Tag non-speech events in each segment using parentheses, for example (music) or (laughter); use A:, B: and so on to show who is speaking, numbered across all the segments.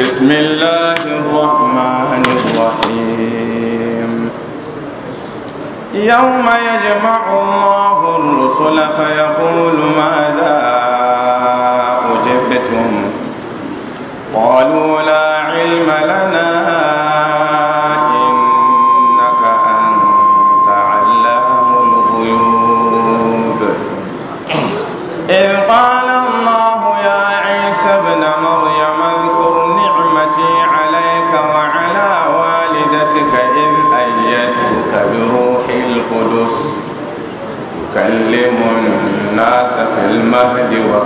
A: بسم
B: الله الرحمن الرحيم يوم يجمع الله الرسل فيقول ماذا أجبتم قالوا لا علم لنا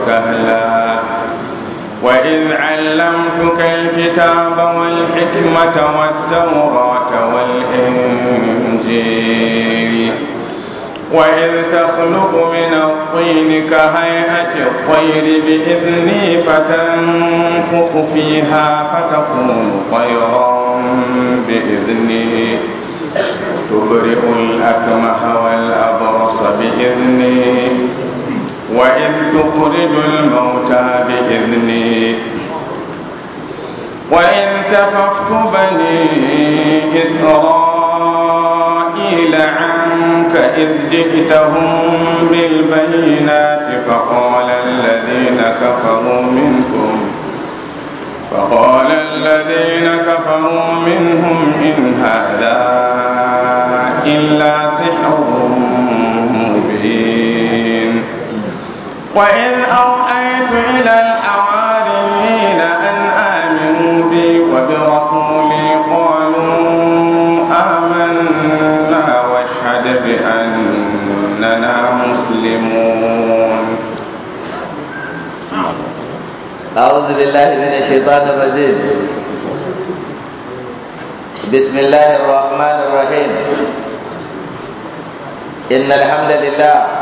B: وكهلا وإذ علمتك الكتاب والحكمة والتوراة والإنجيل وإذ تخلق من الطين كهيئة الطير بإذني فتنفخ فيها فتكون طيرا بإذني تبرئ الأكمه والأبرص بإذني وإذ تخرج الموتى بإذني وإذ كففت بني إسرائيل عنك إذ جئتهم بالبينات فقال الذين كفروا منكم فقال الذين كفروا منهم إن هذا إلا أوحيت إلى أن آمنوا بي وبرسولي قالوا آمنا واشهد بأننا مسلمون
C: أعوذ بالله من الشيطان الرجيم بسم الله الرحمن الرحيم إن الحمد لله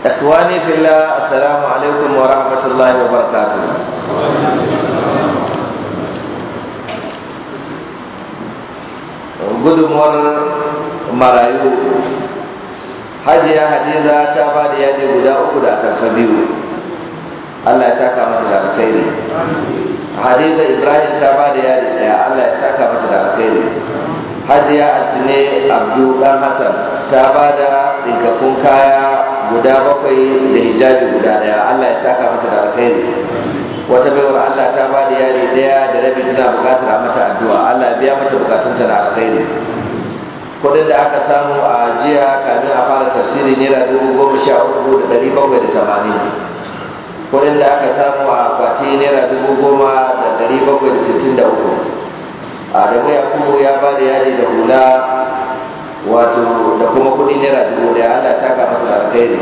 C: ikhwani fillah assalamu alaikum wa rahmatullahi wa barakatu. gudunmuwar marayu hajiya hadiza ta ba da yadi guda uku da atamfa biyu allah ya taka masa da alkhairi hadiza ibrahim ta ba da yadi daya allah ya taka masa da alkhairi hajiya atine abdu dan hassan ta ba da ɗinkakkun kaya guda bakwai da hijabi guda daya Allah ya saka mata da alkhairi wata baiwar Allah ta ba da yari daya da rabi tana bukatar a mata addu'a Allah ya biya mata bukatunta da alkhairi kudin da aka samu a jiya kamin a fara tafsiri naira dubu goma sha uku da ɗari bakwai da tamanin kudin da aka samu a akwati naira dubu goma da ɗari bakwai da sittin da uku adamu yakubu ya ba da yari da hula wato da kuma kudin naira dubu daya Allah ya taka musu da alkhairi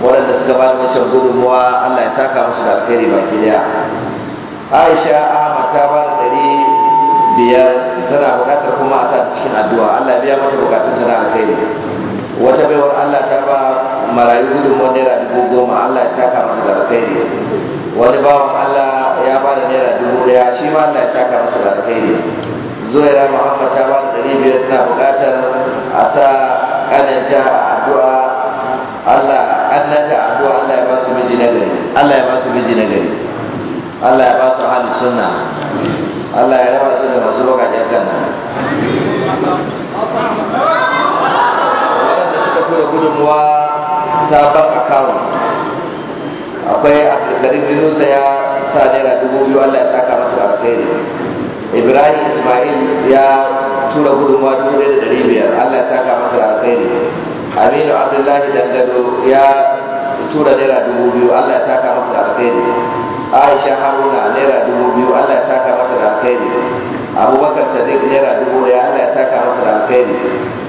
C: waɗanda suka ba wancan gudunmuwa Allah ya taka musu da alkhairi baki daya Aisha Ahmad ta ba da ɗari biyar tana buƙatar kuma a sa ta cikin addu'a Allah ya biya mata buƙatun ta na alkhairi wata baiwar Allah ta ba marayu gudunmuwa naira dubu goma Allah ya taka musu da alkhairi wani bawan Allah ya ba da naira dubu daya shi ma Allah ya taka musu da alkhairi Zuwaira Muhammad ta ba da ɗari biyar tana buƙatar Asa sa ja addu'a Allah ja addu'a Allah ya ba su miji nagari Allah ya ba su miji nagari Allah ya ba su hali sunna Allah ya raba su da masu da kan waɗanda suka tura gudunmuwa ta bank account akwai abdulkarim yunusa ya sa naira dubu biyu Allah ya saka masa alkhairi ibrahim ismail ya tura gudunmawa dubu ɗaya da ɗari biyar allah ya saka masa da alkhairi aminu abdullahi dangado ya tura naira dubu biyu allah ya saka masa da alkhairi aisha haruna naira dubu biyu allah ya saka masa da alkhairi abubakar sadiq naira dubu ɗaya allah ya saka masa da alkhairi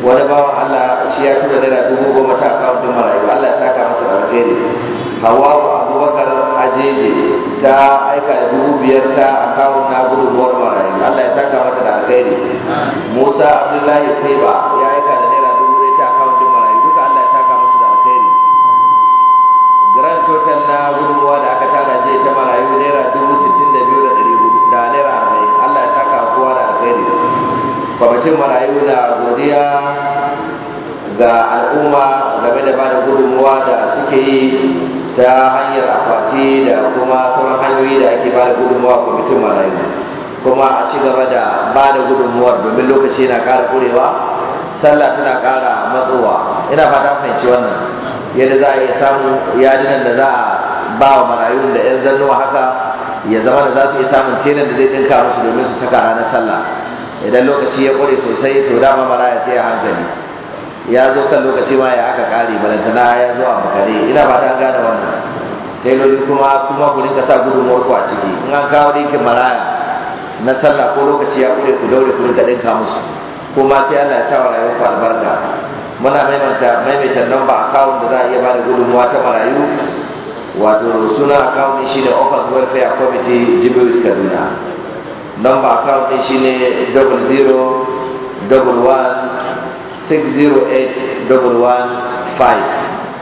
C: wani bawan allah shi ya tura naira dubu goma ta akawun din marayu allah ya saka masa da alkhairi hawawa abubakar ajeje ta aika da dubu biyar ta akawun na gudunmuwar marayu allah ya saka mata da alkhairi musa abdullahi taiba ya aika da naira dubu ɗaya ta akawun din marayu duka allah ya saka musu da alkhairi grand total na buwa da aka tara je ta marayu naira dubu sittin da biyu da ɗari hudu da naira arba'in allah ya saka kowa da alkhairi kwamitin marayu na godiya ga al'umma game da bada gudunmuwa da suke yi ta hanyar akwati da kuma sauran hanyoyi da ake ba da gudunmawa kwamitin marayu kuma a ci gaba da ba da gudunmawar domin lokaci na ƙara ƙurewa sallah tana ƙara matsowa ina fata fahimci wannan yadda za a iya samu yadinan da za a ba wa marayun da 'yan zannuwa haka ya zama da za su iya samun tenan da zai tsinka musu domin su saka ranar sallah idan lokaci ya ƙure sosai to dama maraya sai a hankali ya zo kan lokaci ma ya aka kare balantana ya zo a bakare ina ba ta gane wannan tailoli kuma kuma ku rinka sa gudunmuwar ku a ciki in an kawo ɗinkin maraya na sallah ko lokaci ya kure ku daure ku rinka ɗinka musu ko ma sai Allah ya sa wa ku albarka muna maimaita maimaita namba akawun da za a iya ba da gudun ta marayu wato suna akawun shi ne office welfare committee jibiris kaduna namba akawun ne shine double zero double 608-115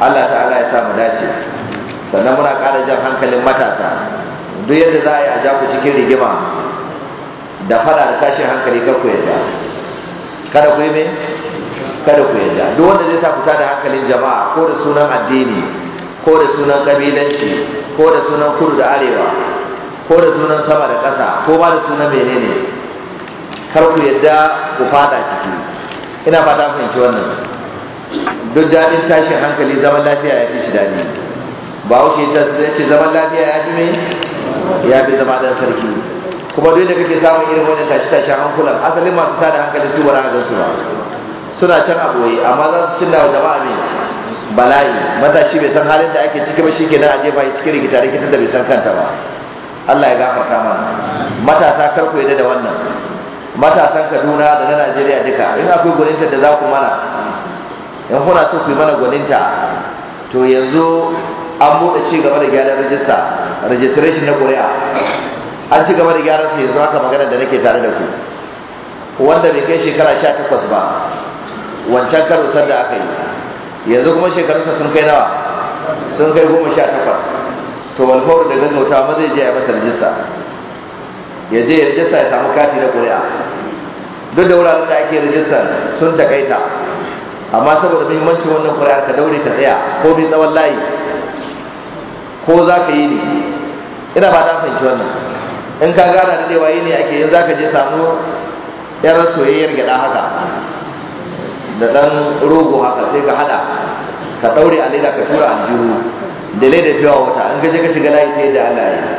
C: Allah ta'ala ya samu dace sannan muna ƙara jan hankalin matasa duk yadda za a yi a ja ku cikin rigima da fada da tashin hankali kar ku yadda kada ku yi min kada ku yadda duk wanda zai sa ku da hankalin jama'a ko da sunan addini ko da sunan kabilanci ko da sunan kudu da arewa ko da sunan sama da ƙasa ko ba da sunan menene kar ku yadda ku fada ciki ina fata fahimci wannan duk daɗin tashin hankali zaman lafiya ya fi shi daɗi ba wuce ta ce zaman lafiya ya fi mai ya fi zama ɗan sarki kuma duk da kake samun irin wannan tashi tashin hankulan asalin masu tada hankali su ba za su ba suna can a ɓoye amma za su cin da jama'a ne bala'i matashi bai san halin da ake ciki ba shi kenan a jefa shi cikin rikita rikita da bai san kanta ba Allah ya gafarta mana matasa kar ku yadda da wannan matasan kaduna da na najeriya duka in akwai gwaninta da za ku mana in kuna so ku yi mana gwaninta to yanzu an buɗe ci gaba da gyaran rajista registration na ƙuri'a an ci gaba da gyaran su yanzu haka magana da nake tare da ku wanda bai kai shekara sha takwas ba wancan karo da aka yi yanzu kuma shekarunsa sun kai nawa sun kai goma sha takwas to walfawar da gaggauta ma zai je ya masa rajista ya je ya rijista ya samu kati na ƙuri'a duk da wuraren da ake rijistar sun takaita amma saboda muhimmancin wannan ƙuri'ar ka daure ta tsaya ko bi tsawon layi ko za ka yi ne ina ba na fahimci wannan in ka gana da cewa yi ne ake yin za ka je samu yar soyayyar gyaɗa haka da ɗan rogo haka sai ka haɗa ka ɗaure a leda ka tura aljihu da leda fiyawa wata in ka je ka shiga layi sai da Allah ya yi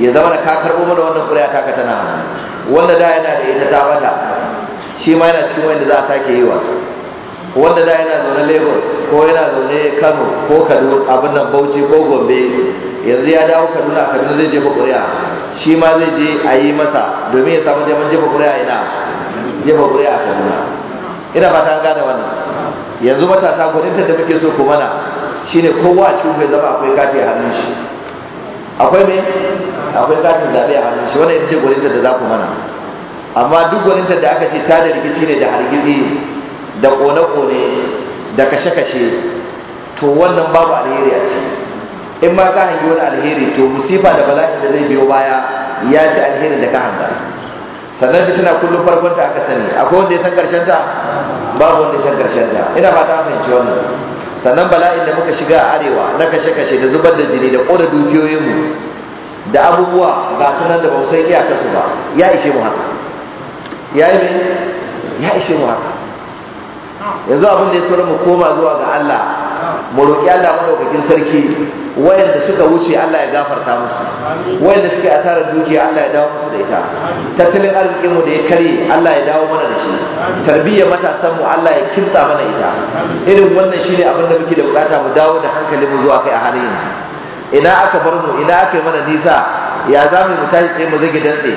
C: ya zama da ka karɓo mana wannan ƙuri'a ta ka tana wanda da yana da ita ta shi ma yana cikin wanda za a sake yi wa wanda da yana zaune lagos ko yana zaune kano ko kaduna abin nan bauchi ko gombe yanzu ya dawo kaduna kaduna zai jefa ƙuri'a shi ma zai je a yi masa domin ya samu zaman jefa ƙuri'a ina jefa ƙuri'a kaduna ina fata an gane wannan yanzu matasa gwaninta da muke so ku mana shine kowa a cikin bai zama akwai kati a hannun shi akwai me akwai katin zaɓe a hannun shi wannan ita ce gwaninta da za ku mana amma duk gwanintar da aka ce ta da rikici ne da hargitsi da kone-kone da kashe-kashe to wannan babu alheri a ciki in ma ka hangi wani alheri to musifa da bala'in da zai biyo baya ya ci alherin da ka hanga sannan fitina kullum farkon ta aka sani akwai wanda ya san karshen ta babu wanda ya san karshen ta ina ba ta fahimci wannan sannan bala'in da muka shiga a arewa na kashe-kashe da zubar da jini da ƙona dukiyoyinmu da abubuwa ba su nan da ba mu iyakar su ba ya ishe mu haka ya yi ya ishe mu haka yanzu abin da ya sauran mu koma zuwa ga Allah mu roƙi Allah madaukakin sarki wayanda suka wuce Allah ya gafarta musu wayanda suka yi asarar dukiya Allah ya dawo musu da ita tattalin arzikin mu da ya kare Allah ya dawo mana da shi tarbiyyar matasan mu Allah ya kimsa mana ita irin wannan shine abin da muke da bukata mu dawo da hankalinmu mu zuwa kai a halin yanzu ina aka bar mu ina aka yi mana nisa ya za mu misali tsaye mu zage dantse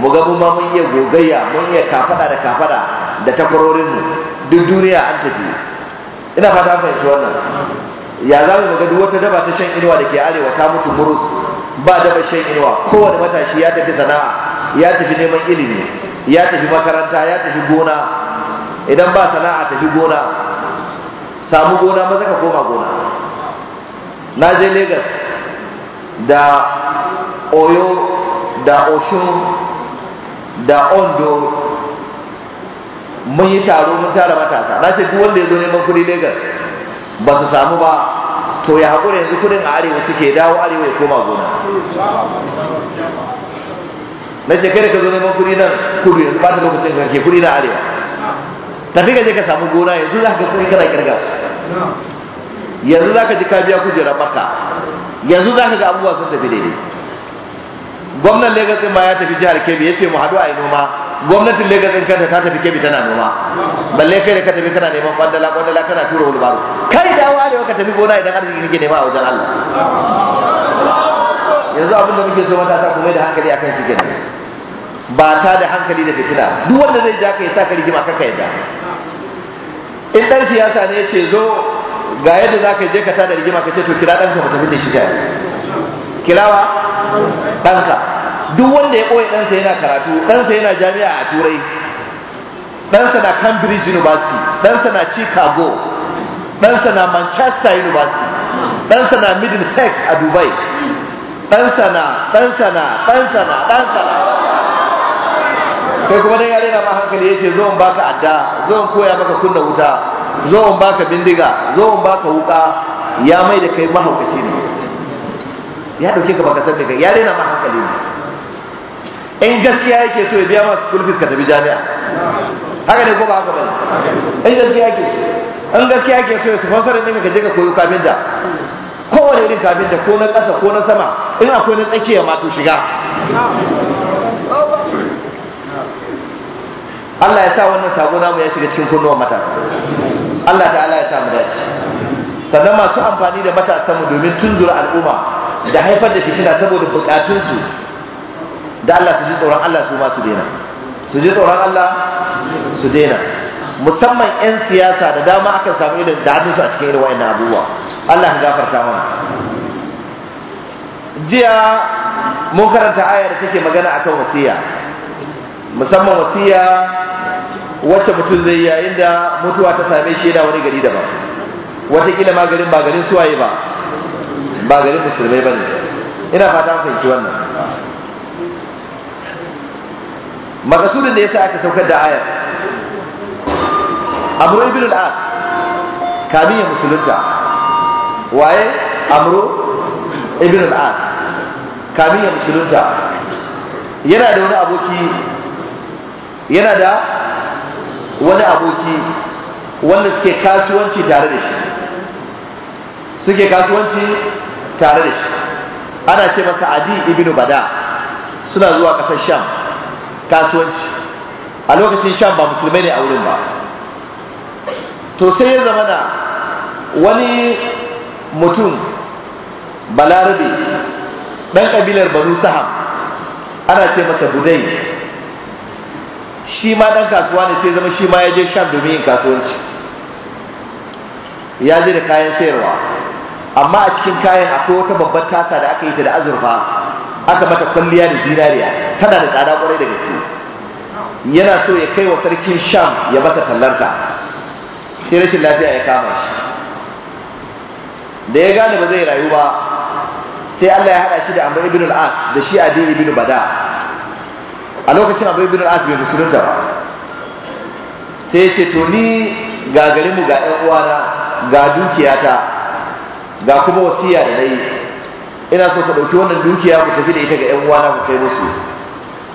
C: mu ga mun ma mun iya gogayya mun iya kafada da kafada da takwarorin mu duk duniya an tafi ina fata fahimci wannan ya za mu ga duk wata daba ta shan inuwa da ke arewa ta mutu murus ba daba shan inuwa kowane matashi ya tafi sana'a ya tafi neman ilimi ya tafi makaranta ya tafi gona idan ba sana'a tafi gona samu gona maza ka koma gona na je Legas da oyo da oshun da ondo mun yi taro mun tara matasa na ce duk wanda ya zo neman kuɗi Legas ba su samu ba to ya haƙura yanzu kuɗin a arewa suke dawo arewa ya koma gona na ce kai da ka zo neman kuɗi nan kudu yanzu ba ta lokacin karke kuɗi na arewa tafi ka je ka samu gona yanzu za ka kuɗi kana kirga yanzu za ka ji ka biya kujerar maka yanzu za ka ga abubuwa sun tafi daidai gwamnan Legas ɗin ma ya tafi jihar Kebbi ya ce mu haɗu a yi noma gwamnatin Lagos in kanta ta tafi kebi tana
A: noma
C: balle kai da ka tafi kana neman kwandala kwandala kana tura baro kai da warewa ka tafi gona idan arziki kake nema a wajen Allah yanzu abin da muke so matasa ta kuma da hankali akan shi kenan ba ta da hankali da fitina duk wanda zai ja ka ya sa ka rigima ka yadda in dan siyasa ne ce zo ga yadda za ka je ka da rigima ka ce to kira ɗanka mu tafi da shi kirawa ɗanka duk wanda ya ɓoye ɗansa yana karatu ɗansa yana jami'a a turai ɗansa na cambridge university ɗansa na chicago ɗansa na manchester university ɗansa na middlesex a dubai ɗansa na ɗansa na ɗansa na ɗansa
A: na kai kuma dai
C: yare na ma hankali yace zo in baka adda zo in koya maka kunna wuta zo in baka bindiga zo in baka wuka ya mai da kai mahaukaci ne ya dauke ka baka san da kai yare na ma hankali ne in gaskiya yake so ya biya masu kulfis ka tafi jami'a haka ne ko ba haka ba in gaskiya yake so in gaskiya yake so ya sponsor ɗinka ka je ka koyo Ko kowane irin da ko na ƙasa ko na sama in akwai na tsakiya ma to shiga Allah ya sa wannan sabo namu ya shiga cikin kunnuwan matasa Allah ta'ala ya sa mu dace sannan masu amfani da matasan mu domin tunzura al'umma da haifar da fitina saboda bukatunsu da Allah su ji tsoron Allah su ma su daina su ji tsoron Allah su daina musamman 'yan siyasa da dama akan samu irin da su a cikin irin wayannan abubuwa Allah ya gafarta mana jiya mun karanta aya da take magana akan wasiya musamman wasiya wacce mutum zai yi? yayin da mutuwa ta same shi yana wani gari daban wataƙila ma garin ba garin suwaye ba ba garin musulmai ba ina fata fahimci wannan makasudin da yasa aka saukar da ayar Amro ibn al-as kamin ya musulunta waye Amro ibn al-as kamin ya musulunta yana da wani aboki yana da wani aboki wanda suke kasuwanci tare da shi suke kasuwanci tare da shi ana ce masa adi ibn bada suna zuwa kasar sham kasuwanci a lokacin sham ba musulmai ne a wurin ba to sai ya zama na wani mutum balarabe ɗan ƙabilar banu saham ana ce masa budai shi ma ɗan kasuwa ne sai zama shi ma ya je sham domin yin kasuwanci ya je da kayan sayarwa amma a cikin kayan akwai wata babbar tasa da aka yi ta da azurfa aka mata kwalliya da zinariya tana da tsada kwarai da
A: gaske
C: yana so ya kai wa sarkin sham ya masa tallarta sai rashin lafiya ya kama shi da ya gane ba zai rayu ba sai Allah ya hada shi da Amr ibn al-As da shi Adi ibn Bada a lokacin Amr ibn al-As bai musulunta ba sai ce to ni ga garinmu ga ƴan uwana ga dukiyata ga kuma wasiya da nayi ina so ka ɗauki wannan dukiya ku tafi da ita ga 'yan uwana ku kai musu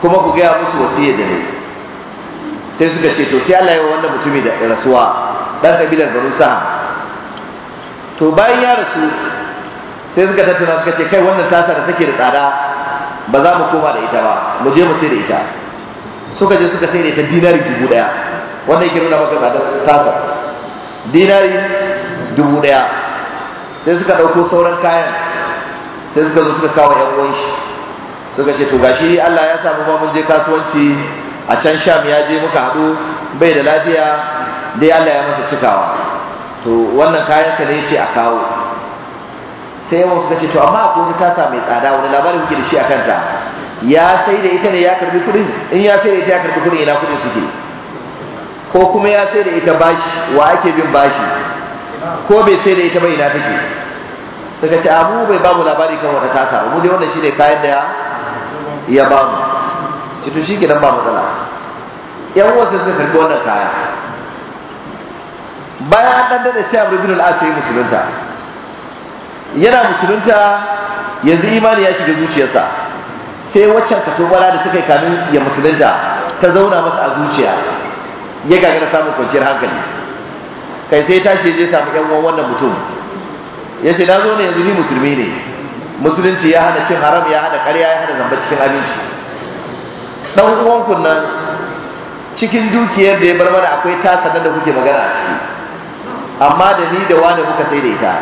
C: kuma ku gaya musu wasiyya da ni sai suka ce to sai Allah ya wannan mutumi da rasuwa dan kabilar Banu Sa'ad to bayan ya rasu sai suka tattauna suka ce kai wannan tasa da take da tsada ba za mu koma da ita ba mu je mu sai da ita suka je suka sai da ita dinari dubu daya wanda yake nuna maka tsada tasa dinari dubu daya sai suka ɗauko sauran kayan sai suka zo suka kawo yan uwan shi suka ce to gashi Allah ya samu ba mun je kasuwanci a can sham ya je muka haɗu bai da lafiya dai Allah ya masa cikawa to wannan kayan ka ne ce a kawo sai yawan suka ce to amma akwai wani tata mai tsada wani labarin kuke da shi a kanta ya sai da ita ne ya karbi kuɗin in ya sai da ita ya karbi kuɗin ina kuɗin suke ko kuma ya sai da ita bashi wa ake bin bashi ko bai sai da ita ba ina take suka ce abu bai babu labari kan wata tasa mu dai wannan shine kayan da ya ba mu ci to shike nan ba matsala yan uwan sai suka karbi wannan kaya bayan an dan da sai Abu Bilal yi musulunta yana musulunta yanzu imani ya shiga zuciyarsa sai waccan katobala da suka yi kamin ya musulunta ta zauna masa a zuciya ya gagara samun kwanciyar hankali kai sai tashi ya je samu yan uwan wannan mutum ya ce na zo ne yanzu ni musulmi ne musulunci ya hana cin haram ya hana karya ya hana zamba cikin aminci dan uwanku nan cikin dukiyar da ya bar mana akwai tasa da kuke magana a ciki amma da ni da wani muka sai da ita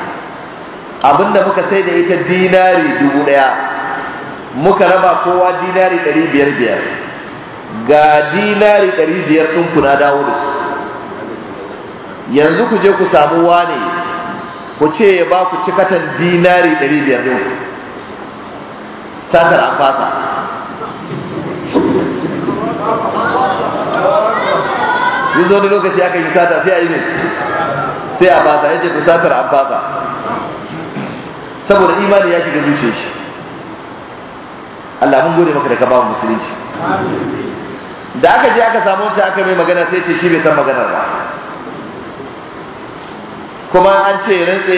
C: abinda muka sai da ita dinari dubu daya muka raba kowa dinari ɗari biyar biyar ga dinari ɗari biyar ɗin kuna dawo da su yanzu ku je ku samu wane ku ce ya ba ku cikatan dinari 500 ne satar an fasa zo ni lokaci aka yi sata sai a yi ne sai a fasa ya ce ku satar an fasa saboda imani ya shiga zuciya shi Allah mun gode maka da ka ba musulunci da aka je aka samu wacce aka mai magana sai ce shi bai san maganar ba kuma an ce rantse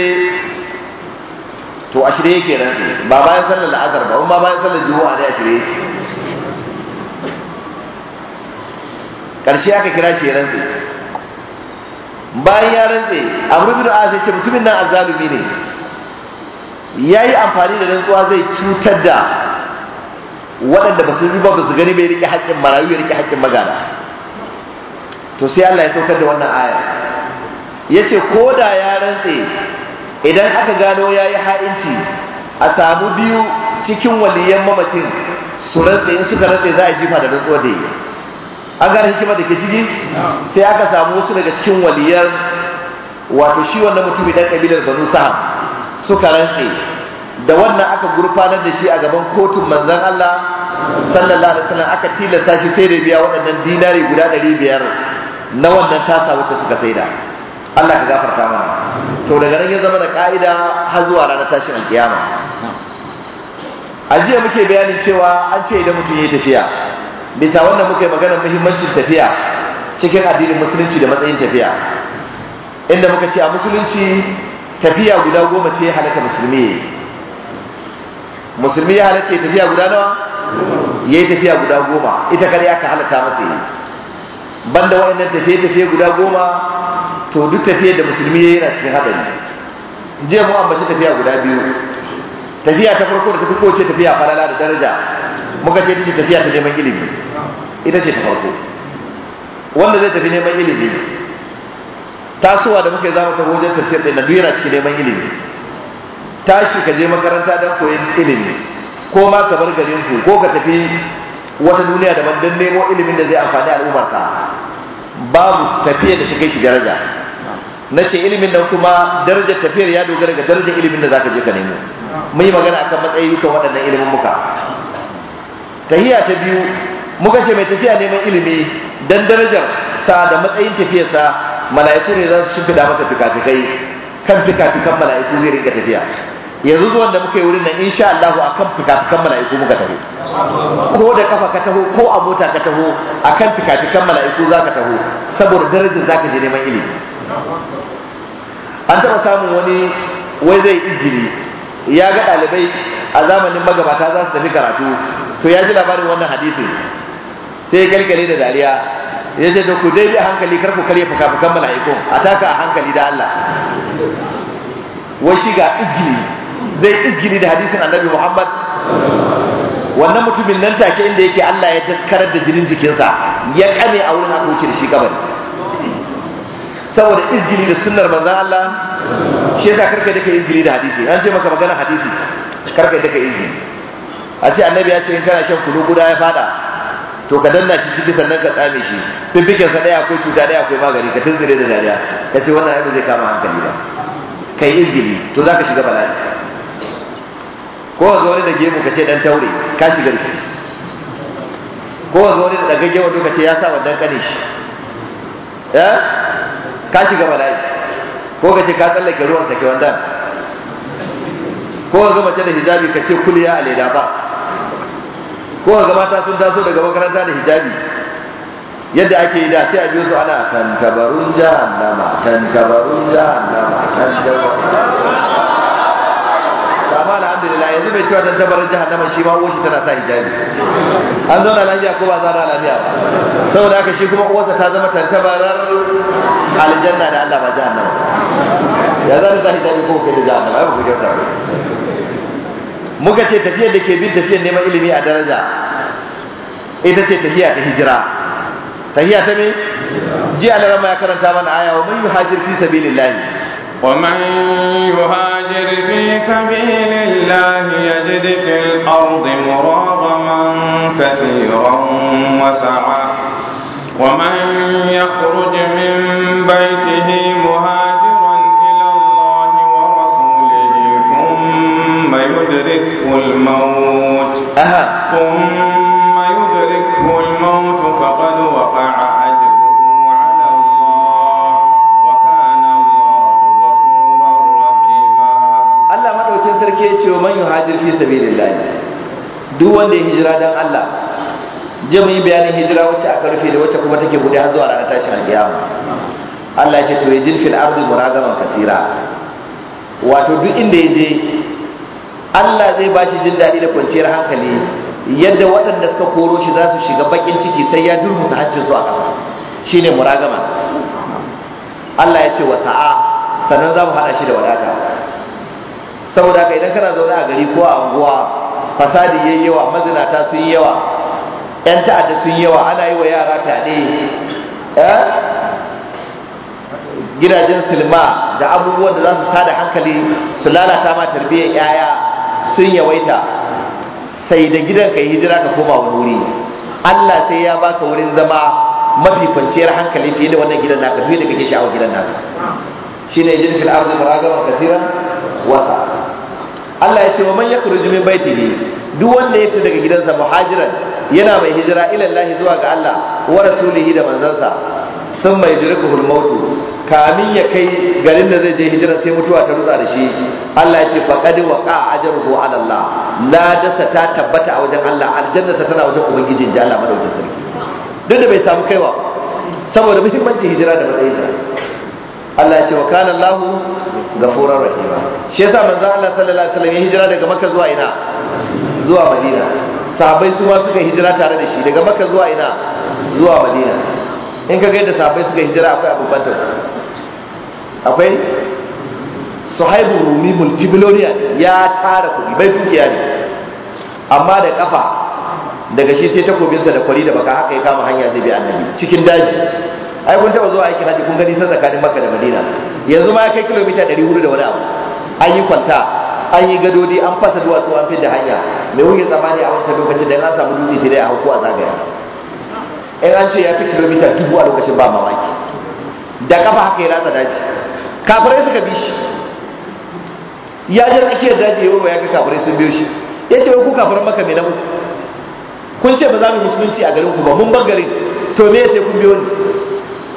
C: to a shirye yake rantse ba bayan sallar la'azar ba ba bayan sallar juma'a ne ashirin shirye yake karshe aka kira shi rantse bayan ya rantse abu bin a sai ce mutumin nan azzalumi ne ya yi amfani da rantsuwa zai cutar da waɗanda ba su yi ba su gani bai rike haƙƙin marayu ya rike haƙƙin magana to sai Allah ya saukar da wannan ayar ya ce ko da ya rantse idan aka gano ya yi ha'inci a samu biyu cikin waliyan mamacin su rantse in suka rantse za a jifa da rantsuwa da yi an gane hikima da ke ciki sai aka samu wasu daga cikin waliyan wato shi wannan mutumi dan kabilar banu saham suka rantse da wannan aka gurfanar da shi a gaban kotun manzon Allah sallallahu alaihi wasallam aka tilasta shi sai da biya waɗannan dinari guda 500 na wannan tasa wacce suka saida Allah ka gafarta mana to daga nan ya zama da ka'ida har zuwa ranar tashin alkiyama a jiya muke bayani cewa an ce idan mutum ya tafiya bisa wannan muke magana muhimmancin tafiya cikin addinin musulunci da matsayin tafiya inda muka ce a musulunci tafiya guda goma ce halatta musulmi musulmi ya halatta tafiya guda nawa ya tafiya guda goma ita kare aka halatta masa banda wa'annan tafiye-tafiye guda goma to duk tafiye da musulmi ya yi cikin haɗari jiya mu ambaci tafiya guda biyu tafiya ta farko da ta farko ce tafiya falala da daraja muka ce ce tafiya ta neman ilimi ita ce ta farko wanda zai tafi neman ilimi tasowa da muka yi zama ta wajen tafiyar ɗin na yana cikin neman ilimi tashi ka je makaranta don koyon ilimi ko ma ka bar garin ku ko ka tafi wata duniya daban don nemo ilimin da zai amfani al'ummarka babu tafiya da ta kai shi daraja na ce ilimin nan kuma darajar tafiyar ya dogara ga darajar ilimin da zaka je ka nemo mun yi magana akan matsayikan waɗannan ilimin muka tahiya ta biyu muka ce mai tafiya neman ilimi dan darajar sa da matsayin tafiyarsa mala'iku ne za su shimfiɗa maka fikafikai kan fikafikan mala'iku zai rinka tafiya yanzu zuwan da muka yi wurin nan insha Allah kan fikafikan mala'iku muka taho ko da kafa ka taho ko a mota ka taho a kan fikafikan mala'iku za ka taho saboda darajar za ka je neman ilimi an taɓa samun wani wai zai ijiri ya ga ɗalibai a zamanin magabata za su tafi karatu to ya ji labarin wannan hadisi sai ya kalkale da dariya ya ce da ku dai a hankali kar ku karya fikafikan mala'iku a taka a hankali da Allah wai shi ga izini zai izgili da hadisin annabi Muhammad wannan mutumin nan take inda yake Allah ya daskarar da jinin jikinsa ya kame a wurin aka da shi kabari saboda izgili da sunnar manzon Allah shi yasa karka da kai izgili da hadisi an ce maka magana hadisi karka da kai izgili a ce annabi ya ce in kana shan kunu guda ya fada to ka danna shi ciki sannan ka tsame shi bibbikin sa daya akwai cuta daya akwai magani ka tunzire da dariya ka ce wannan ai ba zai kama hankali ba kai izgili to zaka shiga bala'i ko a wani da gemu ka ce dan taure ka shiga rikici ko a wani da dagagge wando ka ce ya sa wannan kane shi ya eh? ka shiga bala'i ko ka ce ka tsallake ruwan sake wandan ko ga mace da hijabi ka ce kuliya a leda ba ko zama mata sun taso daga makaranta da hijabi yadda ake yi da sai a biyo su ana tantabarun jahannama tantabarun jahannama tantabarun jahannama yanzu mai cewa jihar Nama shi ma uwarsa tana sa hijabi an zauna lafiya ko ba zauna lafiya ba saboda haka shi kuma uwarsa ta zama tantabarar aljanna da Allah ba Nama. ya za ta hijabi ko kai da jahannama ba ku kyauta muka ce tafiyar da ke bin tafiyar neman ilimi a daraja ita ce tafiya ta hijira tafiya ta me ji a ya karanta mana aya wa man yuhajir fi sabilillah ومن يهاجر في
B: سبيل الله يجد في الأرض مراغما كثيرا وسعا ومن يخرج من بيته مهاجرا cewa man yuhajir fi sabilillah duk
C: wanda ya hijira dan Allah je mu yi bayanin hijira wacce aka rufe da wacce kuma take gudu har zuwa ranar tashin alƙiyama Allah ya ce to yajid fil ardi muragaman kasira wato duk inda ya je Allah zai ba shi jin daɗi da kwanciyar hankali yadda waɗanda suka koro shi za su shiga bakin ciki sai ya durmusa hancin su a ƙasa shine muragama Allah ya ce wa sa'a sannan za mu haɗa shi da wadata saboda ka idan kana zaune a gari ko a unguwa fasadi yayi yawa mazinata sun yawa yan ta'adda sun yawa ana yi wa yara eh gidajen silma da abubuwan da za su sada hankali su lalata ma tarbiyyar yaya sun yawaita sai da gidan ka yi hijira ka koma wuri Allah sai ya baka wurin zama mafi kwanciyar hankali fiye da wannan gidan naka fiye da kake sha'awar gidan naka shine jin fil ragamar muragaman kathiran wata Allah ya ce wa man yakhruj min baitihi duk wanda ya fita daga gidansa muhajiran yana mai hijira ila Allah zuwa ga Allah wa rasulihi da manzansa sun mai jirkuhul mautu kamin ya kai garin da zai je hijira sai mutuwa ta rutsa da shi Allah ya ce faqad waqa ajruhu ala Allah la dasa ta tabbata a wajen Allah aljanna tana wajen ubangijin ji Allah madaukakin sarki duk da bai samu kaiwa saboda muhimmancin hijira da matsayin Allah ya ce wa kana Allahu ghafurur rahim shi yasa manzo Allah sallallahu alaihi wasallam ya hijira daga Makka zuwa ina zuwa Madina sahabbai su ma suka hijira tare da shi daga Makka zuwa ina zuwa Madina in ka ga yadda sahabbai suka hijira akwai Abu tafsir akwai Suhaibu Rumi multibilonian ya tara kuɗi bai dukiya ne amma da kafa daga shi sai takobinsa da kwari da baka haka ya kama hanya zai bi annabi cikin daji ai kun taba zuwa aikin haji kun gani san tsakanin makka da madina yanzu ma ya kai kilomita 400 da wani abu an yi kwanta an yi gadodi an fasa duwatsu an fidda hanya mai wuya tsamani a wancan lokacin da an samu dutse sai dai a hauko a zagaya in an ce ya fi kilomita dubu a lokacin ba mamaki da kafa haka ya ratsa daji kafirai suka bi shi ya je tsakiyar daji ya wurwa ya ga kafirai sun biyo shi ya ce ku kafirai maka mai ku? kun ce ba za mu musulunci a garin ku ba mun bar garin to me sai kun biyo ni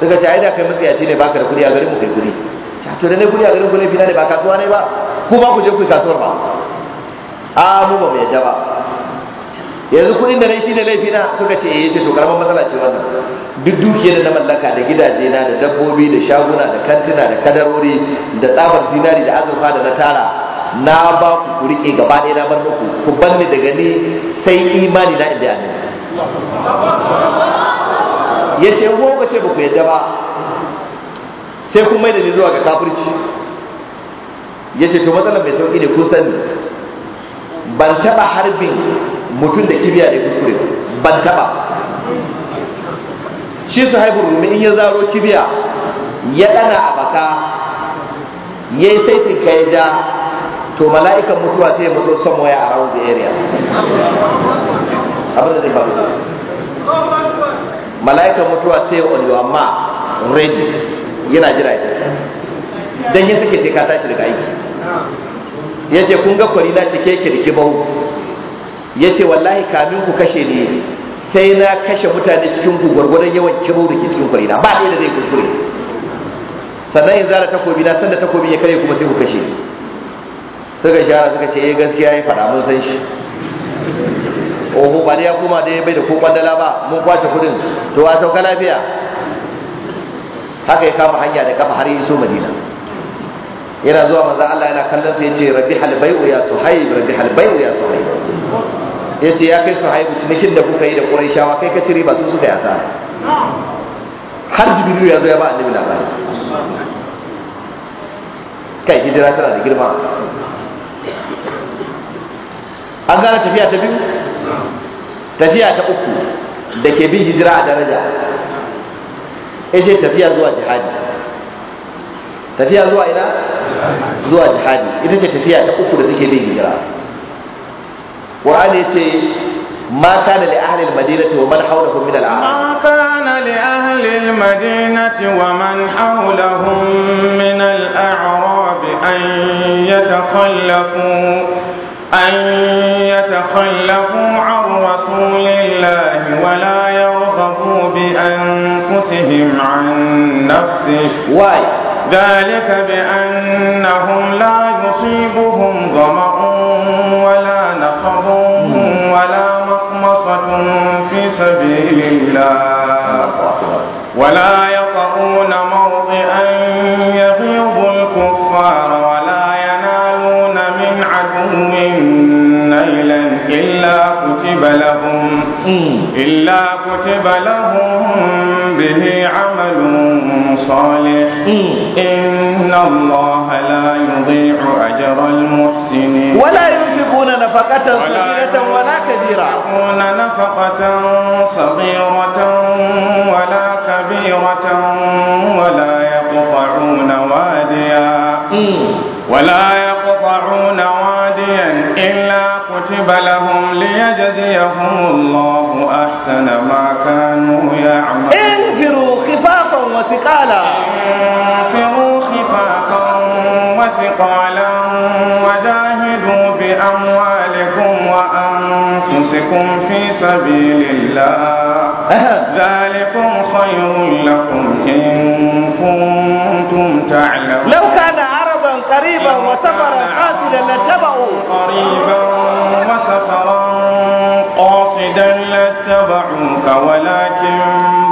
C: suka ce ai da kai ce ne baka da kuɗi a garin mu kai kuɗi to da ne kuɗi a garin ku ne fina ne ba kasuwa ne ba ku ba ku je ku kasuwar ba a mu ba mu yadda ba yanzu kuɗin da nai shine laifi na suka ce eh ce to karamar matsala ce wannan duk dukiyar da na mallaka da gidaje na da dabbobi da shaguna da kantina da kadarori da tsabar dinari da azurfa da na tara na ba ku ku rike gaba ɗaya na bar muku ku banni daga ni sai imani na inda ne.
A: ya ce ko ce ba ku
C: yadda ba sai kuma mai da ni zuwa ga kafirci ya ce to matsalar mai sauki ne kun sani ban taɓa harbin mutum da kibiya da kuskure ban taɓa shi su haifar rumi in ya zaro kibiya ya ɗana a baka ya yi saitin ka ja to mala'ikan mutuwa sai ya mutu waya around the area abin da zai faru mala'ikan mutuwa sai on your ma ready yana jira ita dan yin take ka tashi daga aiki yace kun ga kwarina ce ke kirki bau yace wallahi kamin ku kashe ni sai na kashe mutane cikin ku gwargwadon yawan kiro da ke cikin na ba ɗaya da zai kuskure sannan in zara takobi na sanda takobi ya kare kuma sai ku kashe suka shara suka ce eh gaskiya ya faɗa mun san shi oho ba ne ya kuma da ya bai da ko dala ba mun kwace kudin to a sauka lafiya haka ya kama hanya da kafa har yi so madina yana zuwa manzan Allah yana kallon sa yace rabi halbai'u ya suhaib rabi halbai'u ya su yace ya kai ku cinikin da kuka yi da quraishawa kai ka ci riba su suka yasa. har jibril ya zo ya ba annabi labari kai hijira tana da girma an gane tafiya ta biyu tafiya ta uku da ke bin hijira a daraja ce tafiya zuwa jihadi tafiya zuwa ina zuwa jihadi ita ce tafiya ta uku da take bin hijira qur'ani yace ما كان لأهل المدينة ومن حولهم من الأعراب
B: ما كان لأهل المدينة ومن حولهم من الأعراب أن يتخلفوا أن يتخلفوا عن رسول الله ولا يرغبوا بأنفسهم عن نفسه ذلك بأنهم لا يصيبهم إلا كتب لهم به عمل صالح إن الله لا يضيع أجر المحسنين ولا ينفقون نفقة صغيرة ولا كبيرة ولا نفقة صغيرة ولا كبيرة ولا يقطعون واديا ولا يقطعون عبد إلا كتب لهم ليجزيهم الله أحسن ما كانوا يعملون
C: انفروا خفافا وثقالا
B: انفروا خفافا وثقالا وجاهدوا بأموالكم وأنفسكم في سبيل الله ذلكم خير لكم إن كنتم تعلمون
C: وسفرا قاتلا لاتبعوا
B: قريبا وسفرا قاصدا لاتبعوك ولكن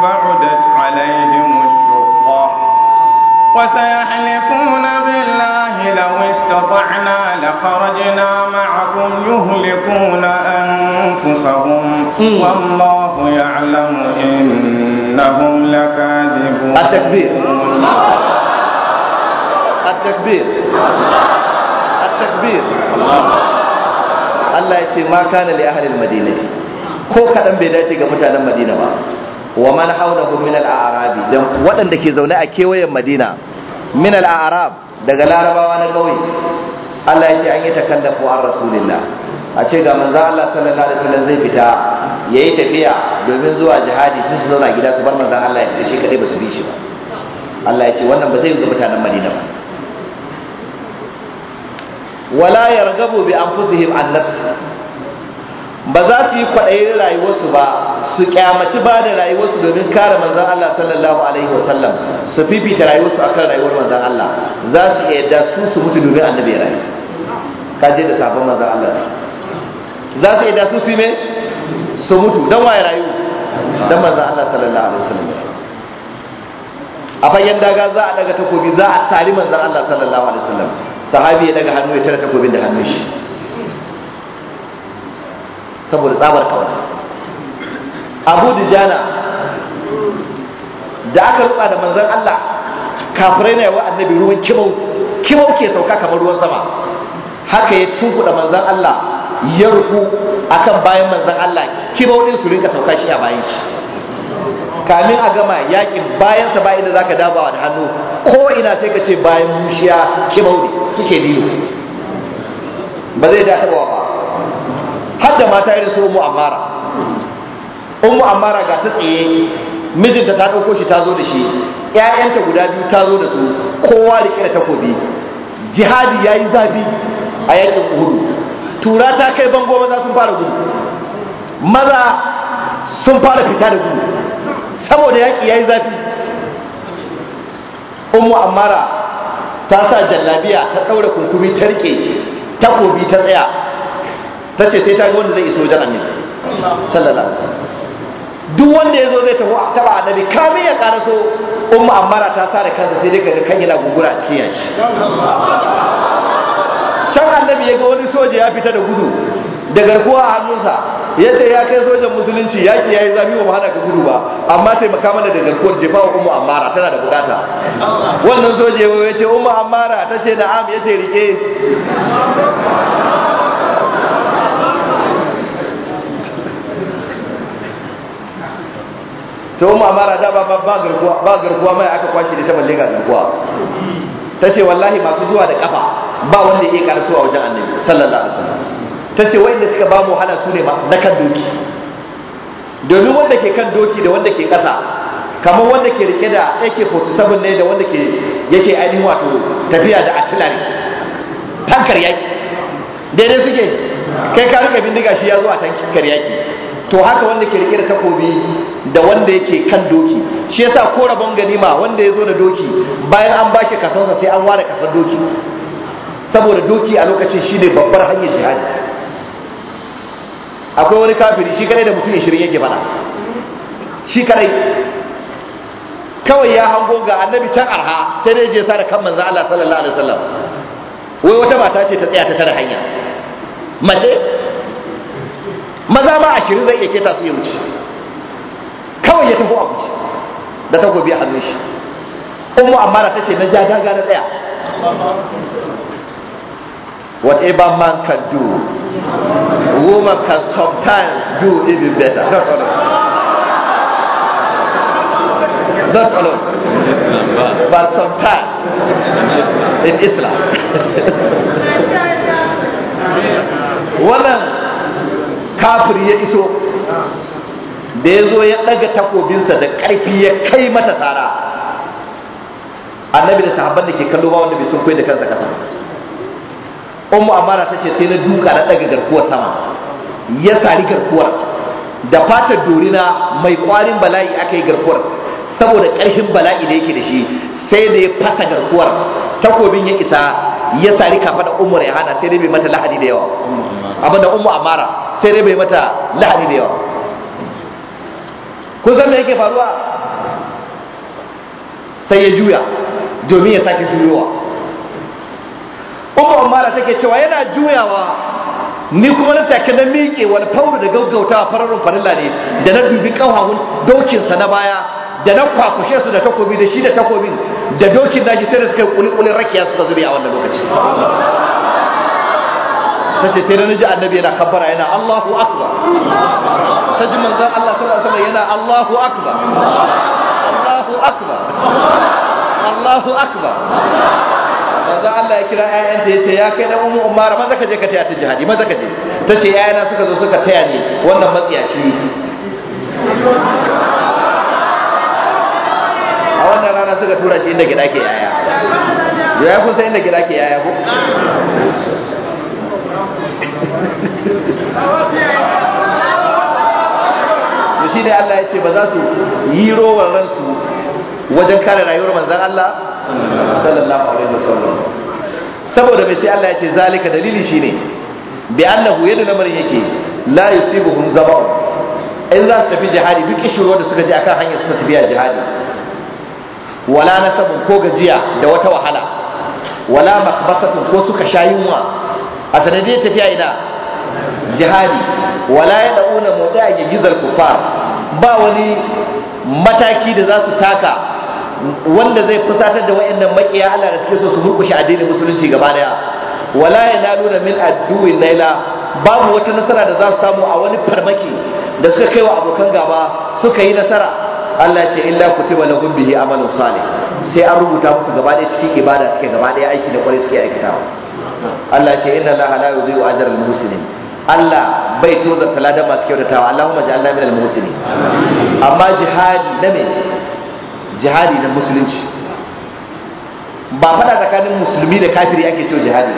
B: بعدت عليهم الشقة وسيحلفون بالله لو استطعنا لخرجنا معكم يهلكون أنفسهم والله يعلم إنهم لكاذبون التكبير
C: التكبير takbir Allah ya ce ma kana li ahli al-madinati ko kadan bai dace ga mutanen Madina ba wa man hawlahum min al-a'rab dan waɗanda ke zaune a kewayen Madina min al-a'rab daga larabawa na kauye Allah ya ce an yi takallafu an rasulillah a ce ga manzo Allah sallallahu alaihi wasallam zai fita yayi tafiya domin zuwa jihadi sun su zauna gida su bar manzo Allah ya shi kadai ba su bi shi ba Allah ya ce wannan ba zai yi ga mutanen Madina ba wala yargabu bi anfusihim an nafsi ba za su yi kwaɗayin rayuwarsu ba su kyamaci ba da rayuwarsu domin kare manzan Allah sallallahu alaihi wasallam su fifita rayuwarsu akan rayuwar manzan Allah za su yadda su su mutu domin annabi ya rayu je da sabon manzan Allah za su yadda su su me su mutu dan waye rayu dan manzan Allah sallallahu alaihi wasallam a fagen daga za a daga takobi za a tari manzan Allah sallallahu alaihi wasallam sahabi ya daga hannu ya tara takobin da hannun shi saboda tsabar kauna abu dujana da aka rutsa da manzan Allah kafirai na wa annabi ruwan kimau kimau ke sauka kamar ruwan sama haka ya da manzan Allah ya ruku akan bayan manzan Allah kimau din su rinka sauka shi a bayan shi kamin a gama yakin bayan sa bayan inda zaka dabawa da hannu ko ina sai ka ce bayan mushiya ki ne kike ba zai da tabawa ba har da mata irin su ummu amara ummu amara ga ta tsaye mijinta ta ɗauko shi ta zo da shi ƴaƴanta guda biyu ta zo da su kowa da kira takobi jihadi yayi zafi a yakin uhud tura ta kai bango maza sun fara gudu maza sun fara fita da gudu saboda yaki yayi zafi ummu amara ta sa jallabiya ta ɗaura kunkumi ta riƙe takobi ta tsaya ta ce sai ta ga wanda zai iso jan annabi sallallahu alaihi duk wanda ya zo zai tafi taba annabi kamin ya karaso ummu amara ta sa da kansa sai dai kaga kan yana gungura a cikin yashi can annabi ya ga wani soja ya fita da gudu da garkuwa a hannunsa ya ce ya kai sojan musulunci yaki ya yi zafi ba mu hana ka gudu ba amma taimaka mana da garkuwar ba wa kuma amara, tana da bukata wannan soja ya ce umma amara ta ce na'am ya ce rike ta umma amara da ba ba garkuwa ba garkuwa mai aka kwashe da ta balle ga garkuwa ta ce wallahi masu zuwa da kafa ba wanda ya iya karasuwa wajen annabi sallallahu alaihi wasallam ta ce wa'inda suka ba mu wahala su ne na kan doki domin wanda ke kan doki da wanda ke ƙasa kamar wanda ke rike da ak-47 ne da wanda ke yake ainihin wato tafiya da artillery tankar yaki daidai suke kai ka rika bindiga shi ya zuwa tankar yaki to haka wanda ke rike da takobi da wanda yake kan doki shi yasa ko rabon ganima wanda ya zo da doki bayan an bashi kasansa sai an ware kasar doki saboda doki a lokacin shi ne babbar hanyar jihadi akwai wani kafiri shi kadai da mutum ya shirin yake faɗa shi kadai kawai ya hango ga annabi can arha sai dai je sa da kan manzon Allah sallallahu alaihi wasallam wai wata mata ce ta tsaya ta tare hanya mace maza ma ashirin zai iya keta su ya wuce kawai ya tafi a wuce da takobi a hannun shi ummu amara ta ce na ja daga na tsaya whatever man can do Woman can sometimes do even better. Not all of Not all of Islam, but, but sometimes in Islam. (laughs) Wannan kafir ya iso da ya zo ya ɗaga takobinsa da ƙarfi ya kai mata tsara annabi da sahabban da ke kallo ba wanda bai sun kai da kansa kasa ummu amara ta ce sai na duka na daga garkuwar sama ya sari garkuwar da fatar dorina mai kwarin bala'i aka yi garkuwar saboda ƙarfin bala'i da yake da shi sai da ya fasa garkuwar takobin ya isa ya sari kafa da umar ya hana sai dai bai mata lahadi da yawa abinda ummu amara sai dai bai mata lahadi da yawa kun san me yake faruwa sai ya juya domin ya sake juyowa umma umara take cewa yana juyawa ni kuma na take na miƙe wani fauru da gaggauta fararun farilla ne da na dubi ƙauhahun dokinsa na baya da na kwakushe su da takobi da shi da takobin da dokin da shi sai da suka yi kulikulin rakiya suka zube a wannan lokaci ta ce sai na ji annabi yana kabbara yana Allahu akbar ta ji manzon Allah sallallahu alaihi wasallam yana Allahu akbar Allahu akbar Allahu akbar manzo Allah ya kira ƴaƴanta yace ya kai dan ummu umara maza ka je ka taya ta jihadi maza ka je tace ƴaƴana suka zo suka taya ni wannan matsiyaci a wannan rana suka tura shi inda gida ke yaya ya ku san inda gida ke yaya ko shi ne Allah ya ce ba za su yi rowar ransu wajen kare rayuwar manzan Allah sallallahu alaihi wasallam saboda mai sai Allah ya ce zalika dalili shine bi annahu yadu lamarin yake la yusibuhum zaba'u in za su tafi jihadi duk kishiro da suka ji akan hanyar su tafiya jihadi wala nasabun ko gajiya da wata wahala wala makbasatun ko suka sha yunwa a sanadiyar tafiya ina jihadi wala ya dauna mota a gizar kufar ba wani mataki da za su taka wanda zai kusatar da wayannan makiya Allah da suke so su murkushe addinin musulunci gaba daya wala na min adduwin laila babu wata nasara da za su samu a wani farmaki da suka kai wa abokan gaba suka yi nasara Allah ce illa kutiba lahum bihi amalun salih sai an rubuta musu gaba daya cikin ibada suke gaba daya aiki da kwarai suke aikatawa Allah ce inna Allah la yudhi'u ajra al-muslimin Allah bai da talada masu kyautatawa Allahumma ja'alna minal muslimin amma jihadi na me jihadi na musulunci ba fada tsakanin musulmi da kafiri ake cewa jihadi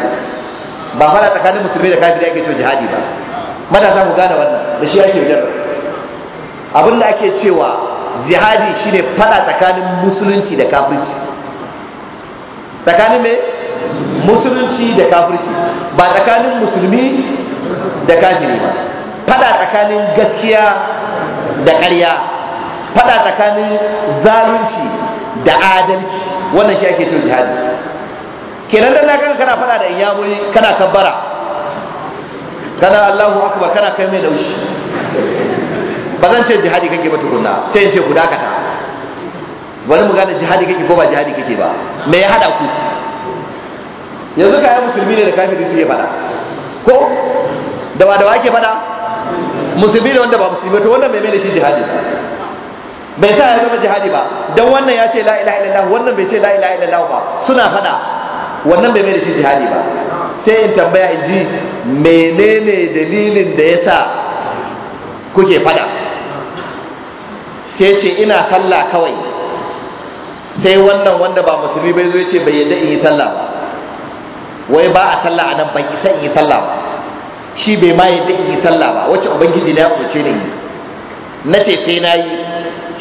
C: ba fada tsakanin musulmi da kafiri ake cewa jihadi ba matasa ku gane wannan da shi ake jarra abin da ake cewa jihadi shine fada tsakanin musulunci da kafirci tsakanin me musulunci da kafirci ba tsakanin musulmi da kafiri ba fada tsakanin gaskiya da ƙarya fada tsakanin zalunci da adalci wannan shi ake cewa jihadi kenan dan nakan kana fada da iyamuri kana kabbara kana Allahu akbar kana kai mai laushi ba zan ce jihadi kake ba tukunna sai in ce ku dakata wani mu gane jihadi kake ko ba jihadi kake ba me ya hada ku yanzu kayan musulmi ne da kafiri suke fada ko da ba da wa ake fada musulmi ne wanda ba musulmi to wannan mai mai da shi jihadi bai sa ya zama jihadi ba dan wannan ya ce la ilaha illallah wannan bai ce la ilaha illallah ba suna fada wannan bai mai da shi jihadi ba sai in tambaya in ji menene dalilin da ya sa kuke fada sai ce ina sallah kawai sai wannan wanda ba musulmi bai zo ce bai yadda in yi sallah ba wai ba a sallah anan ban isa in yi sallah ba shi bai ma yadda in yi sallah ba wacce ubangiji na ya umarce ni na ce sai na yi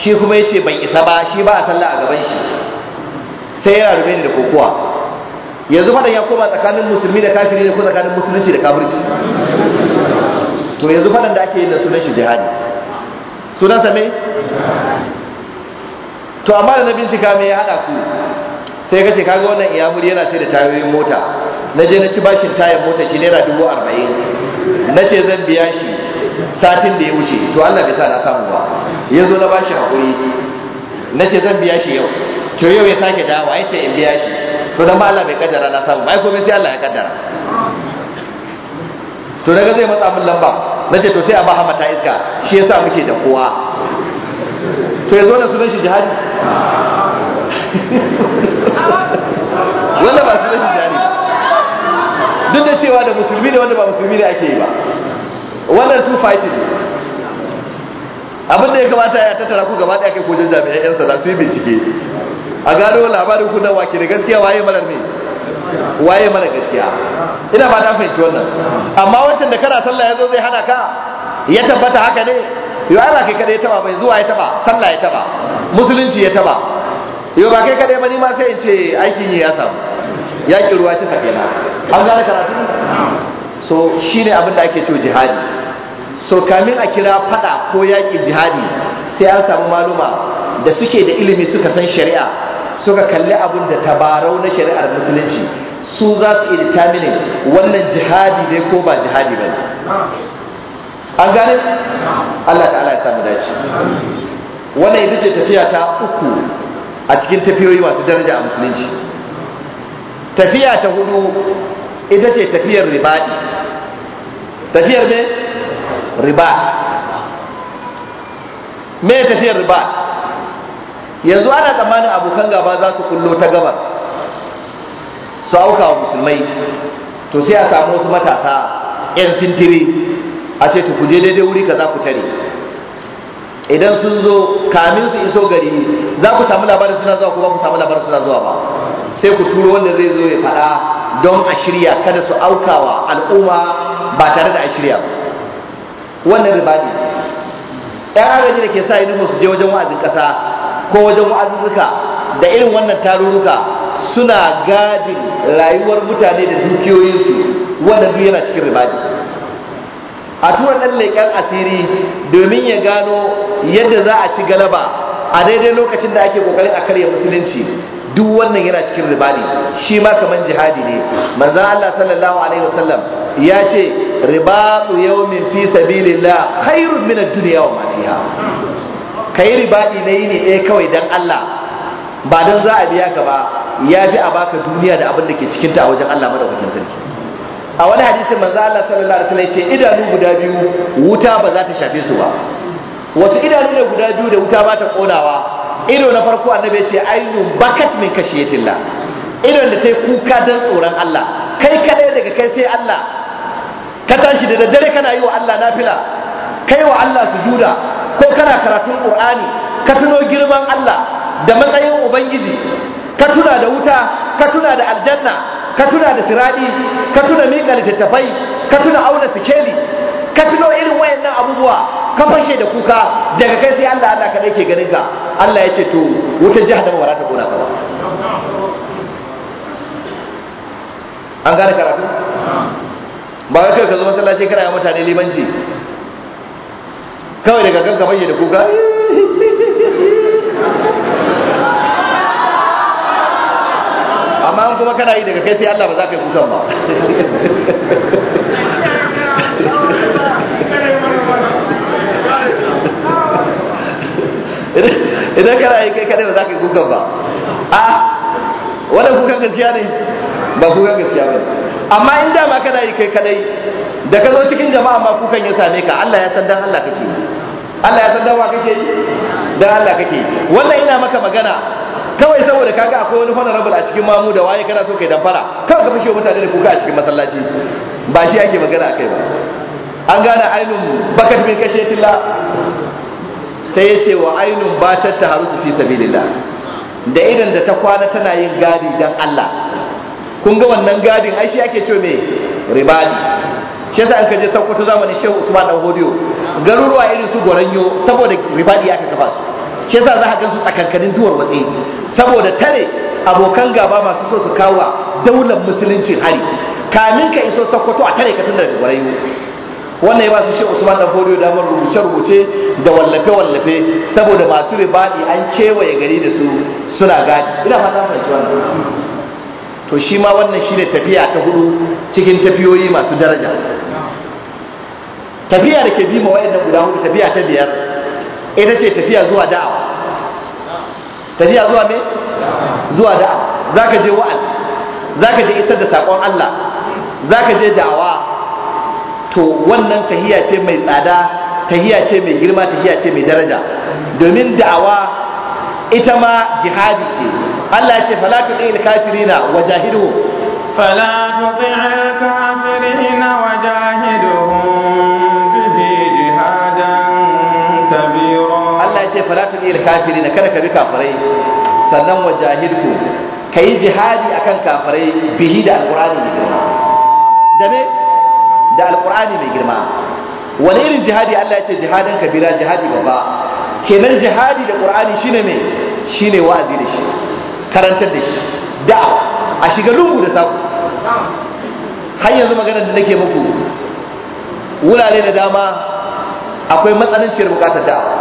C: shi kuma ya ce ban isa ba shi ba a sallah a gaban shi sai yana rume ni da kokowa yanzu fadan ya koma tsakanin musulmi da kafiri ne ko tsakanin musulunci da kafirci to yanzu fadan da ake yin da sunan shi jihadi sa me to amma da na bincika me ya haɗa ku sai kace kaga wannan iyamuri yana sai da tayoyin mota na je na ci bashin tayan mota shi naira dubu arba'in na ce zan biya shi satin da ya wuce to Allah bai tana samu ba ya zo na ba shi haƙuri na ce zan biya shi yau to yau ya sake dawa ya ce in biya shi to da ma Allah bai kaddara na samu ba ai komai sai Allah ya kaddara to daga zai matsa min lamba na ce to sai a ba ta iska shi yasa muke da kowa to ya zo na sunan shi jihadi (laughs) wanda ba sunan shi jihadi duk da cewa da musulmi ne wanda ba musulmi ne ake yi ba wannan two fighting abin da ya kamata ya tattara ku gaba daya kai ko jami'an yan sanda su yi bincike a gano labarin ku na wake da gaskiya waye marar ne waye mara gaskiya ina ba ta fahimci wannan amma wancan da kana sallah ya zo zai hana ka ya tabbata haka ne yo Allah kai kada ya taba bai zuwa ya taba sallah ya taba musulunci ya taba yo ba kai kada ba ni ma sai in ce aikin yi ya samu ya ki ruwa ci sakena an gane karatu so shine abin da ake cewa jihadi so kamin a kira fada ko yaƙi jihadi sai an samu maluma da suke da ilimi suka san shari'a suka kalli abin da tabarau na shari'ar musulunci su za su iri tamini wannan jihadi ne ko ba jihadi ba an gane Allah ta'ala ya samu dace wannan ita ce tafiya ta uku a cikin tafiyoyi masu daraja a musulunci tafiya ta hudu ita ce tafiyar ribaɗi tafiyar me riba me tafiyar riba yanzu ana tsammanin abokan gaba za su kullo ta gabar su auka wa musulmai to sai a samu wasu matasa 'yan sintiri a ce to kuje daidai wuri kaza ku tare idan sun zo kamin su iso gari za ku samu labarin suna zuwa ko ba ku samu labarin suna zuwa ba sai ku turo wanda zai zo ya faɗa don a shirya kada su aukawa al'umma ba tare da a shirya ba wannan riba ne ɗan agaji da ke sa idan su je wajen wa'azin ƙasa ko wajen wa'azuzzuka da irin wannan tarurruka suna gadin rayuwar mutane da dukiyoyinsu wannan duk yana cikin riba a tura ɗan leƙen asiri domin ya gano yadda za a ci galaba a daidai lokacin da ake ƙoƙarin a karya musulunci duk wannan yana cikin riba shi ma kamar jihadi ne manzan Allah sallallahu alaihi wasallam ya ce yau min fi sabilillah khairun min ad-dunya wa ma fiha kai ribadi ne ne ɗaya kawai dan Allah ba dan za a biya ka ba ya fi a baka duniya da abin da ke cikinta a wajen Allah madaukakin sarki a wani hadisin manzo Allah sallallahu alaihi wasallam yace idanu guda biyu wuta ba za ta shafe su ba wasu idanu ne guda biyu da wuta ba ta konawa ido na farko annabi yace ainu bakat min kashiyatillah idon da ta kuka dan tsoron Allah kai kadai daga kai sai Allah ka tashi da daddare kana yi wa Allah nafila kai wa Allah sujuda ko kana karatun Qur'ani ka tuno girman Allah da matsayin ubangiji ka tuna da wuta ka tuna da aljanna ka tuna da siradi ka tuna miƙa littattafai ka tuna auna sikeli ka tuno irin wayannan abubuwa ka fashe da kuka daga kai sai Allah Allah kadai ke ganin ka Allah ya ce to wutar jahannama ba za ta gona ka ba an gane karatu ba wai kai ka zo masallaci kana ya mutane limanci kawai daga kan ka fashe da kuka
A: (laughs)
C: amma an kuma kana yi daga kai sai Allah ba za ka yi kusan ba idan kana yi kai kadai ba za ka yi kusan ba a wannan kukan gaskiya ne ba kukan gaskiya ba amma in da ma kana yi kai kadai da ka zo cikin jama'a ma kukan ya same ka Allah ya san dan Allah kake Allah ya san dan wa kake dan Allah kake wannan ina maka magana kawai saboda kaga akwai wani honorable a cikin mamu da waye kana so kai damfara kawai ka fashe mutane da kuka a cikin masallaci ba shi ake magana akai ba an gane ainun bakat bin kashe tilla sai ya ce wa ainun ba ta ta harusu fi sabilillah da idan da ta kwana tana yin gadi dan Allah kun ga wannan gadin ai shi ake ce me ribali shi yasa an kaje Sokoto zamanin Shehu Usman dan Hodiyo garuruwa irin su Goranyo saboda ribaɗi aka kafa su shi yasa za ka gansu tsakankanin duwar watsi saboda tare abokan gaba masu so su kawo daular musulunci hari kamin ka iso sokoto a tare ka tun daga gwarayu wannan ya ba su shi usman dan fodiyo damar rubuce rubuce da wallafe wallafe saboda masu ribadi an kewaye gari da su suna gadi ina fata fahimci wannan to shi ma wannan shine tafiya ta hudu cikin tafiyoyi masu daraja tafiya da ke bi ma wa'annan guda hudu tafiya ta biyar ita ce tafiya zuwa da'a tafiya zuwa me zuwa da'a zaka je wa'al zaka je isar da sakon Allah zaka je da'awa to wannan tahiya ce mai tsada tahiya ce mai girma tahiya ce mai daraja domin da'awa ita ma jihadi ce Allah ya ce fala tuqil kafirina wajahidu fala
B: tuqil kafirina wajahidu
C: fala tumil kafirin kada ka bi kafirai sannan wajahidku kai jihadi akan kafirai bihi da alqur'ani mai girma da me da alqur'ani mai girma wani irin jihadi Allah ya ce jihadin kabira jihadi babba kenan jihadi da qur'ani shine me shine wa'azi da shi karantar da shi da a shiga lungu da sabu har yanzu maganar da nake muku wurare da dama akwai matsananciyar bukatar da'a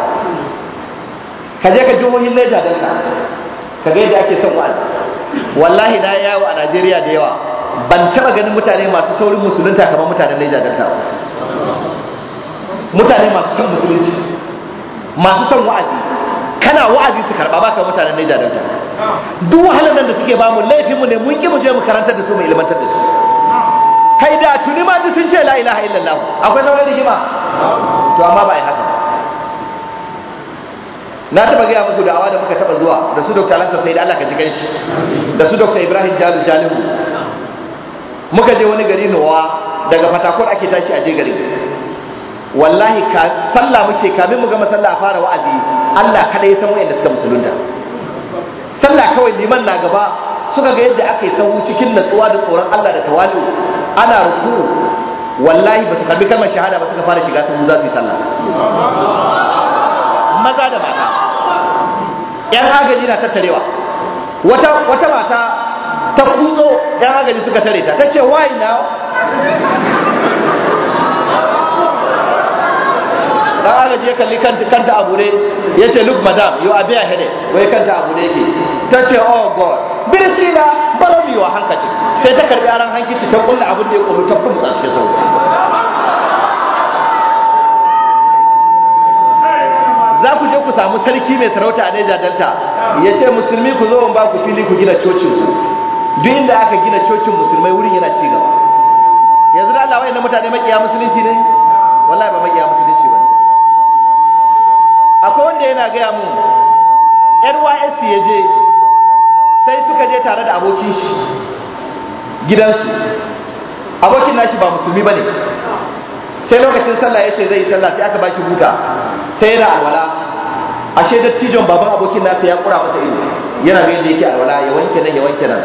C: ka je ka jihohin leja don ka ka ga yadda ake son wa'azi wallahi na yawo a najeriya da yawa ban taba ganin mutane masu saurin musulunta kamar mutanen leja don ta mutane masu son musulunci masu son wa'azi kana wa'azi su karba baka mutanen Niger Delta duk wahalar nan da suke ba mu laifin mu ne mun ki mu je mu karantar da su mu ilmantar da su kai da tuni ma duk sun ce la ilaha illallah akwai sauran rigima to amma ba ai haka na taba gaya muku awa da muka taba zuwa da su dr lantar sai da allah ka ji ganshi da su dr ibrahim jalu jalihu muka je wani gari nowa daga fatakwar ake tashi a je gari wallahi ka sallah muke kamin mu gama sallah a fara wa'azi allah kadai ya san wayanda suka musulunta sallah kawai liman na gaba suka ga yadda aka yi sahu cikin natsuwa da tsoron allah da tawali ana ruku wallahi ba su karbi kalmar shahada ba suka fara shiga sahu za su yi sallah maza da mata yan agaji na tattarewa wata wata mata ta kuzo yan agaji suka tare ta tace why now dan agaji ya kalli kanta kanta abu ne ce look madam you are bare headed wai kanta abu ne ke Ta ce oh god birisila balabi wa hankaci sai ta karbi aran hankici ta kulla abin da ya kuma ta kuma a cikin sauri za ku je ku samu sarki mai sarauta a Niger Delta ya ce musulmi ku zo in ba ku fili ku gina cocin ku duk inda aka gina cocin musulmai wurin yana ci gaba yanzu da Allah wayannan mutane makiya musulunci ne wallahi ba makiya musulunci ne. akwai wanda yana gaya mu NYSC ya je sai suka je tare da abokin shi gidansu abokin nashi ba musulmi bane sai lokacin sallah yace zai yi sallah sai aka bashi buta sai yana alwala ashe dattijon baban abokin nasa ya kura masa ido yana mai da yake alwala ya wanke nan ya wanke nan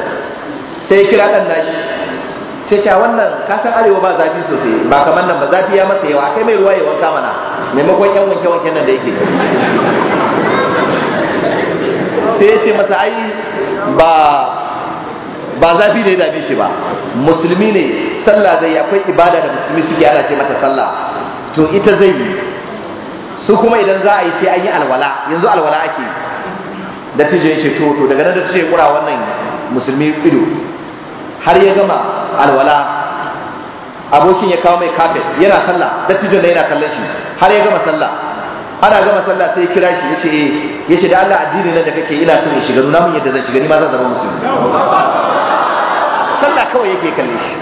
C: sai ya kira dan nashi sai cewa wannan kasan arewa ba zafi sosai ba kamar nan ba zafi ya masa yawa kai mai ruwa ya wanka mana maimakon yan wanke wanke nan da yake sai ya ce masa ai ba ba zafi ne dame shi ba musulmi ne sallah zai akwai ibada da musulmi suke ana ce mata sallah to ita zai yi su kuma idan za a yi sai an yi alwala yanzu alwala ake da tijo ya ce toto daga nan da tijo kura wannan musulmi ido har ya gama alwala abokin ya kawo mai kafet yana sallah da tijo na yana kallon shi har ya gama sallah ana gama sallah sai kira shi ce, eh yace da Allah addini nan da kake ina so in shiga nuna mun yadda zan shiga ni ma zan zama musulmi sallah kawai yake kalle shi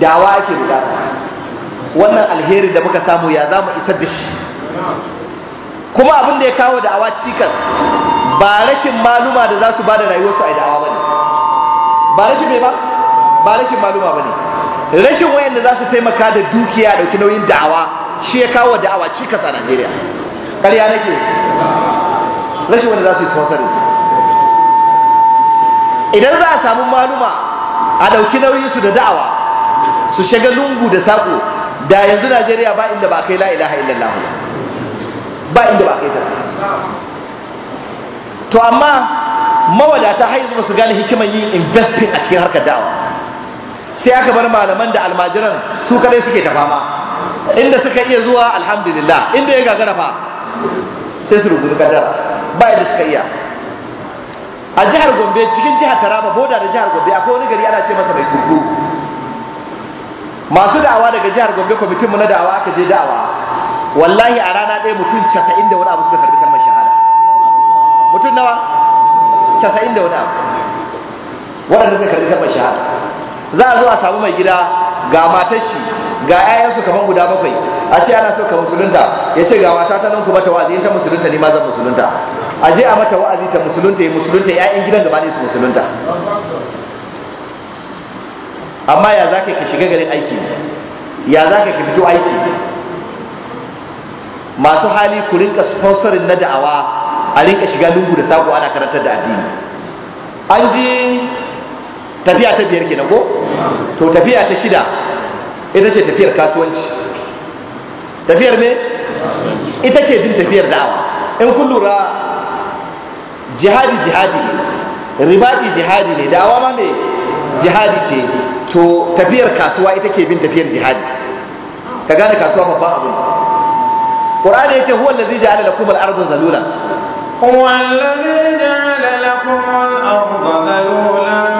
C: dawa ake bukata wannan alheri da muka samu ya za mu isar da shi kuma abin da ya kawo da'awa cikas ba rashin maluma da za su ba da rayuwarsu a yi da'awa ba ne ba rashin mai ba ba rashin maluma ba ne rashin wayanda za su taimaka da dukiya ɗauki nauyin da'awa shi ya kawo da'awa cikas a najeriya ƙarya nake rashin wanda za su yi sponsorin idan za a samu maluma a dauki nauyinsu da da'awa su shiga lungu da saƙo da yanzu Najeriya ba inda ba kai la ilaha illallah ba inda ba kai ta to amma mawadata har yanzu su gane hikimar yin investing a cikin harkar da'awa sai aka bar malaman da almajiran su kadai suke ta fama inda suka iya zuwa alhamdulillah inda ya gagara fa sai su rubuta kadara ba yadda suka iya a jihar Gombe cikin jihar Taraba boda da jihar Gombe akwai wani gari ana ce masa mai gurguru masu da'awa daga jihar Gombe kwamitin mu na da'awa aka je da'awa wallahi a rana ɗaya mutum casa'in da wani abu suka karbi kalmar shahada mutum nawa Casa'in da wani abu waɗanda suka karbi kalmar shahada za a zo a samu mai gida ga matar shi ga 'ya'yansu kamar guda bakwai a ce ana so ka musulunta ya ce ga mata ta nan kuma ta wa'azi ta musulunta ne ma zan musulunta a je a mata wa'azi ta musulunta ya musulunta 'ya'yan gidan gaba ne su musulunta amma ya zaka ka shiga garin aiki ya zaka ka fito aiki masu hali ku rinka sponsorin na da'awa a rinka shiga lungu da sako ana karantar da addini an ji tafiya ta biyar kenan ko to tafiya ta shida ita ce tafiyar kasuwanci tafiyar me ita ce din tafiyar da'awa in kun lura jihadi jihadi ne ribadi jihadi ne da'awa ma me jihadi ce to tafiyar kasuwa ita ke bin tafiyar jihadi ka gane kasuwa babban abu Qur'ani yace huwa allazi ja'ala lakum al-ardha zalula huwa allazi ja'ala lakum al-ardha zalula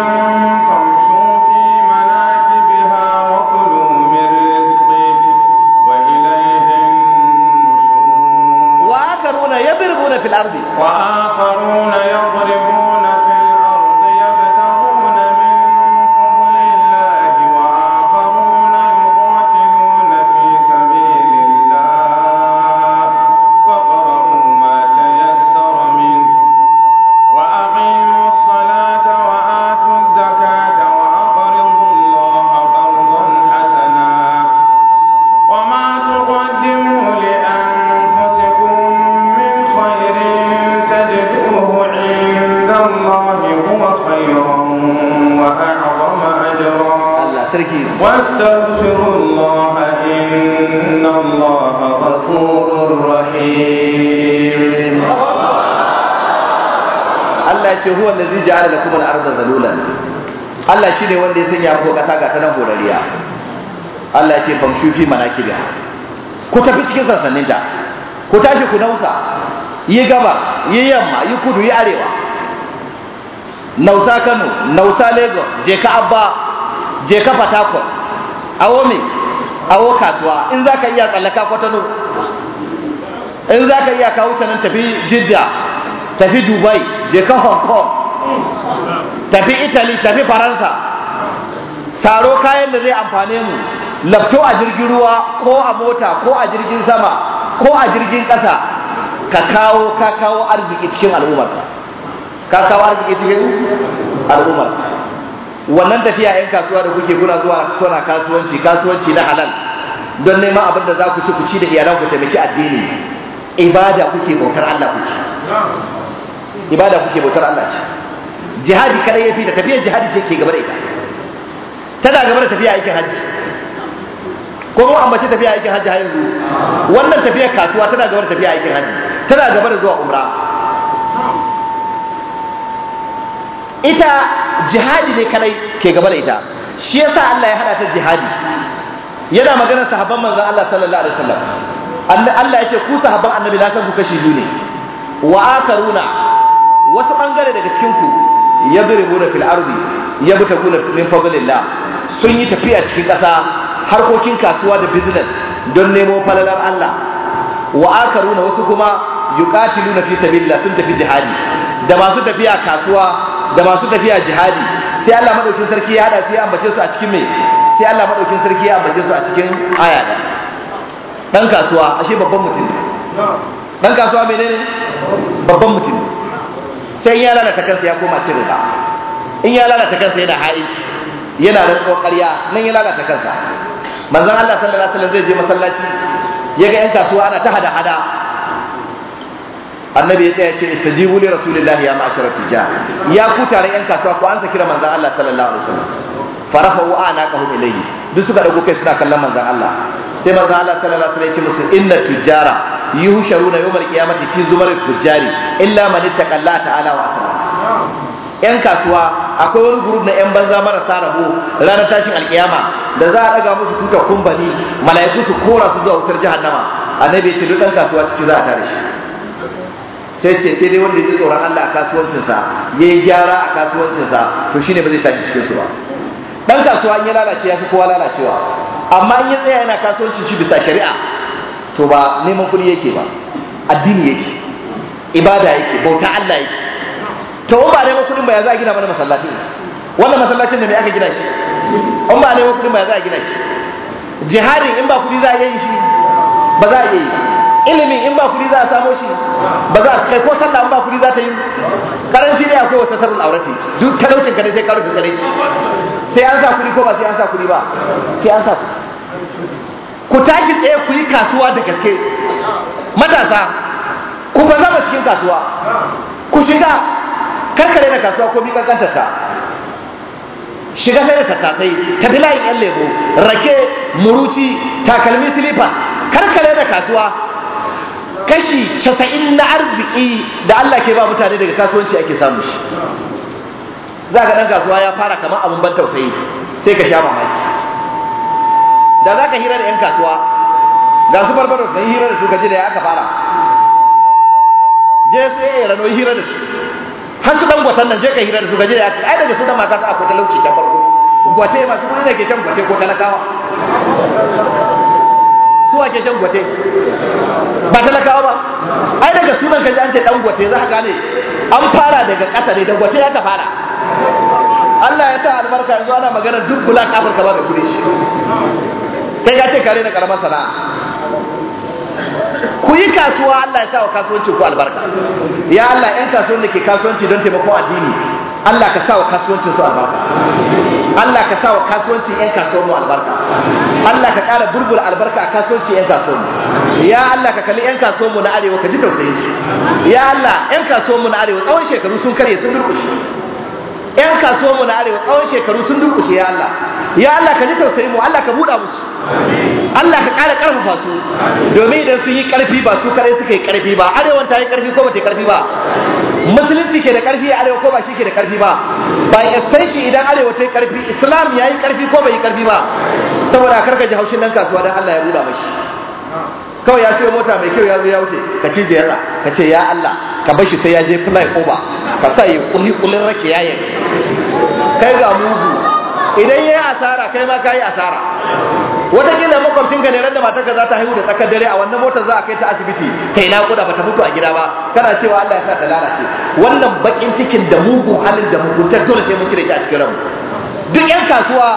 C: وآخرون يضربون في الأرض وآخر mashi fi ko ku tafi cikin sansaninta ku tashi ku nausa yi gaba yi yamma yi kudu yi arewa nausa kano nausa lagos je ka abba je ka fatakon awo me awo kasuwa in za ka iya tsallaka kwatano in za ka iya kawo nan tafi jidda tafi dubai je ka hong kong tafi italy tafi faransa saro kayan da zai amfane mu lafto a jirgin ruwa ko a mota ko a jirgin sama ko a jirgin ƙasa ka kawo ka kawo arziki cikin al'ummarka ka kawo arziki cikin al'ummarka wannan tafiya yan kasuwa da kuke kuna zuwa kuna kasuwanci kasuwanci na halal don neman abin da za ku ci ku ci da iyalan ku taimaki addini ibada kuke bautar Allah
A: kuke
C: ibada kuke bautar Allah ce jihadi kada yafi da tafiyar jihadi ce ke gaba da ita tana gaba da tafiya aikin hajji ko amma ambace tafiya aikin hajji har yanzu wannan tafiyar kasuwa tana gaba da tafiya aikin hajji tana gaba da zuwa umra ita jihadi ne kadai ke gaba da ita shi yasa Allah ya hada ta jihadi yana maganar sahabban manzon Allah sallallahu alaihi wasallam Allah ya ce ku sahabban annabi na kanku ku kashi biyu ne wa akaruna wasu bangare daga cikin ku yadribuna fil ardi yabtaguna min fadlillah sun yi tafiya cikin kasa harkokin kasuwa da business don nemo falalar Allah wa akaruna wasu kuma yuqatiluna fi sabilillah sun tafi jihadi da masu tafiya kasuwa da masu tafiya jihadi sai Allah madaukin sarki ya hada su ya ambace su a cikin me sai Allah madaukin sarki ya ambace su a cikin aya da dan kasuwa ashe babban mutum dan kasuwa menene babban mutum sai ya lalata kansa ya koma cin riba in ya lalata kansa yana haiki yana rantsuwar ƙarya nan ya lalata kansa manzon Allah sallallahu alaihi wasallam zai je masallaci ya ga yan kasuwa ana ta hada hada annabi ya tsaya ce istajibu li rasulillah ya ma'ashara tijar ya ku tare yan kasuwa ko an sa kira manzon Allah sallallahu alaihi wasallam farafa'u anaqahum ilayhi duk suka dago kai suna kallon manzon Allah sai manzon Allah sallallahu alaihi wasallam ya ce musu inna tujara yuhsharuna yawmal qiyamati fi zumaril tujari illa man ittaqa Allah ta'ala wa asra yan kasuwa akwai wani gurub na yan banza marasa rabo ranar tashin alkiyama da za a daga musu tuta kumbani mala'iku su kora su zuwa wutar jahannama annabi ya ce duk kasuwa ciki za a tare shi sai ce sai dai wanda ya ji tsoron Allah a kasuwancinsa ya yi gyara a kasuwancinsa to shine ba zai tashi cikin su ba dan kasuwa in ya lalace ya fi kowa lalacewa amma in ya tsaya yana kasuwancin shi bisa shari'a to ba neman kuɗi yake ba addini yake ibada yake bauta Allah yake to in ba nemo kuɗin ba ya za a gina mana masallaci wannan masallacin da me aka gina shi in ba nemo kuɗin ba ya za a gina shi jihadin in ba kuɗi za a yi shi ba za a yi ilimin in ba kuɗi za a samo shi ba za a kai ko sallah in ba kuɗi za ta yi karanci ne akwai wata tarul aurati duk talaucin ka ne sai ka rufe shi. sai an sa kuɗi ko ba sai an sa kuɗi ba sai an sa kuɗi ku tashi tsaye ku yi kasuwa da gaske matasa ku ba zama cikin kasuwa ku shiga karkare na kasuwa ko bikan kanta ta shiga sai da tattasai tafi layin yan lebo rake muruci takalmi silifa karkare na kasuwa kashi casa'in na arziki da Allah ke ba mutane daga kasuwanci ake samu shi za ka ɗan kasuwa ya fara kamar abin ban tausayi sai ka sha mamaki da za ka hira da 'yan kasuwa ga su barbaros na hira da su ka ji da ya aka fara je su eh, yi rano hira da su har su dangwatan nan je ka hira da su gaje ya ai daga su da mata su akwai talauci can farko gwate masu kudi da ke shan gwate ko talakawa su ake shan gwate ba talakawa ba ai daga sunan kaji an ce dan gwate za ka gane an fara daga ƙasa ne da gwate ya ta fara Allah ya ta albarka yanzu ana magana duk bulak Afirka ba da kudi shi kai ka ce kare na karamar sana'a ku yi kasuwa Allah ya sa wa kasuwancin ku albarka ya Allah ƴan kasuwan da ke kasuwanci don taimakon addini Allah ka sa wa kasuwancin su albarka Allah ka sa wa kasuwancin ƴan kasuwan mu albarka Allah ka ƙara burbul albarka a kasuwancin ƴan kasuwan mu ya Allah ka kalli ƴan kasuwan mu na arewa ka ji tausayin su ya Allah ƴan kasuwan mu na arewa tsawon shekaru sun karye sun durƙushe ƴan kasuwan mu na arewa tsawon shekaru sun durƙushe ya Allah ya Allah ka ji tausayin mu Allah ka buɗa musu Allah ka ƙara ƙarfafa su domin idan sun yi ƙarfi ba su kare suka yi ƙarfi ba arewan ta yi ƙarfi ko ba ta yi ƙarfi ba musulunci ke da ƙarfi a arewa ko ba shi ke da ƙarfi ba by extension idan arewa ta yi ƙarfi islam ya yi ƙarfi ko bai yi ƙarfi ba saboda karka ji haushin nan kasuwa don Allah ya buɗa mashi kawai ya siyo mota mai kyau ya zo ya wuce ka ci jiyarsa ka ce ya Allah ka bashi sai ya je fly over ka sa yi kulli kullin rake yayin kai ga mugu idan yi asara kai ma ka yi asara watakila makwabcin ka ne ran da matar ka za ta haihu da tsakar dare a wannan motar za a kai ta asibiti kai na kuda bata mutu a gida ba kana cewa Allah ya sa ta lalace wannan bakin cikin da mugun halin da ta dole sai mun cire shi a cikin ranmu duk yan kasuwa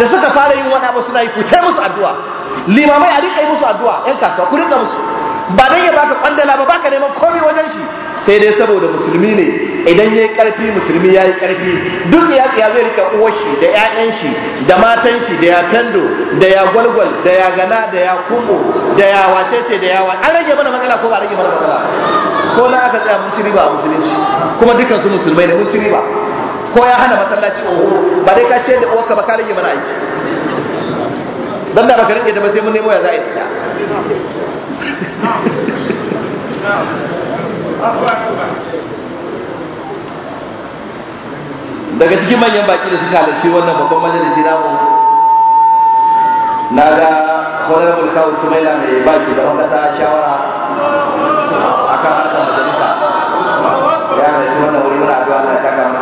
C: da suka fara yin wani abu suna yi ku kai musu addu'a limamai a rika yi musu addu'a yan kasuwa ku rika musu ba dan ya baka kwandala ba baka neman komai wajen shi sai dai saboda musulmi ne idan ya yi karfi musulmi yi karfi duk ya ya zai rika uwar shi da ƴaƴan shi da matan shi da ya kando da ya gwalgwal da ya gana da ya kumo da ya wacece da ya an rage mana matsala ko ba rage mana matsala ko na aka tsaya mun ci riba a musulunci kuma dukkan su musulmai ne mun ci riba ko ya hana masallaci oho ba dai ka ce da uwarka ba ka rage mana aiki dan da baka rike da ba sai mun nemo ya za a yi
A: daga cikin manyan baki da suka halarci wannan babban majalisi na
C: mu na ga kwanar mulka wasu mai ba baki da wanda shawara a kan harkar majalisa ya halarci wannan wuri muna addu'a Allah da saka ne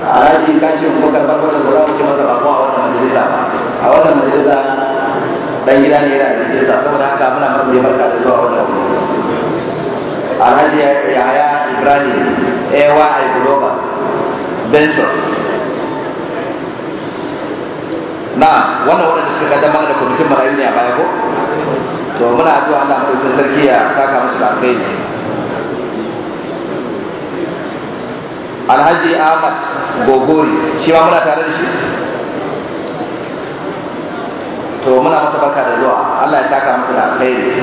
C: a alhaji kashi kuma karɓar wannan ba za mu ci masa ba a wannan majalisa a wannan majalisa dan gida ne yana da jirgin saboda haka muna masa barka da zuwa alhaji yahaya ibrahim ewa global bensos na wannan waɗanda suka kaddamar da kwamitin marayu ne a baya ko to muna addu'a Allah madaukakin sarki ya saka musu da alkhairi alhaji ahmad gogori shi ma muna tare da shi to muna maka barka da zuwa Allah ya saka musu da alkhairi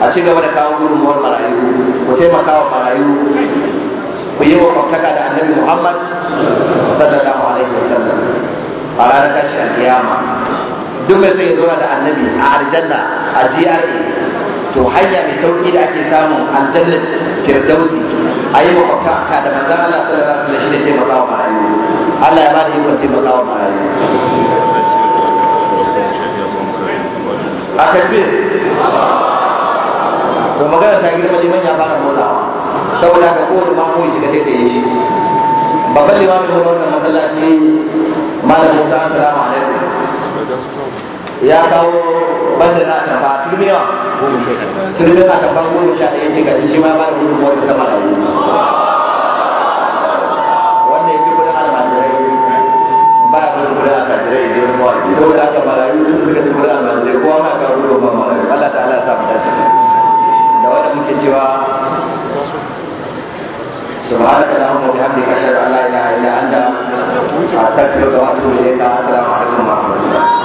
C: a ci gaba da kawo gudunmuwar marayu ku taimaka wa marayu ku yi wa kwaftaka da annabi muhammad sallallahu alaihi wasallam a ranar tashi alkiyama duk mai son ya da annabi a aljanna a GRA to hanya mai sauki da ake samun aljannar firdausi a yi makwabta da manzan Allah sallallahu alaihi wasallam shi ne taimaka wa marayu Allah ya ba da ikon taimaka wa marayu a takbir to magana ta girma liman ya fara motsawa saboda ka kowane mamu shiga ta yi shi babban limamin da wannan masallaci malam musa assalamu alaikum ya kawo banda na tafa turmiya turmiya na tafa goma sha ɗaya ce gaji shi ma ba da gudun wata ta mara wanda ya kudin almajirai ba ya kudin almajirai da yawan aka sun suka ci kudin almajirai kowa ma gudun ba Allah ta'ala ya sa dace da wanda muke cewa subhanaka allahumma wa bihamdika ashhadu an la ilaha illa anta astaghfiruka wa atubu ilayk assalamu alaikum wa rahmatullah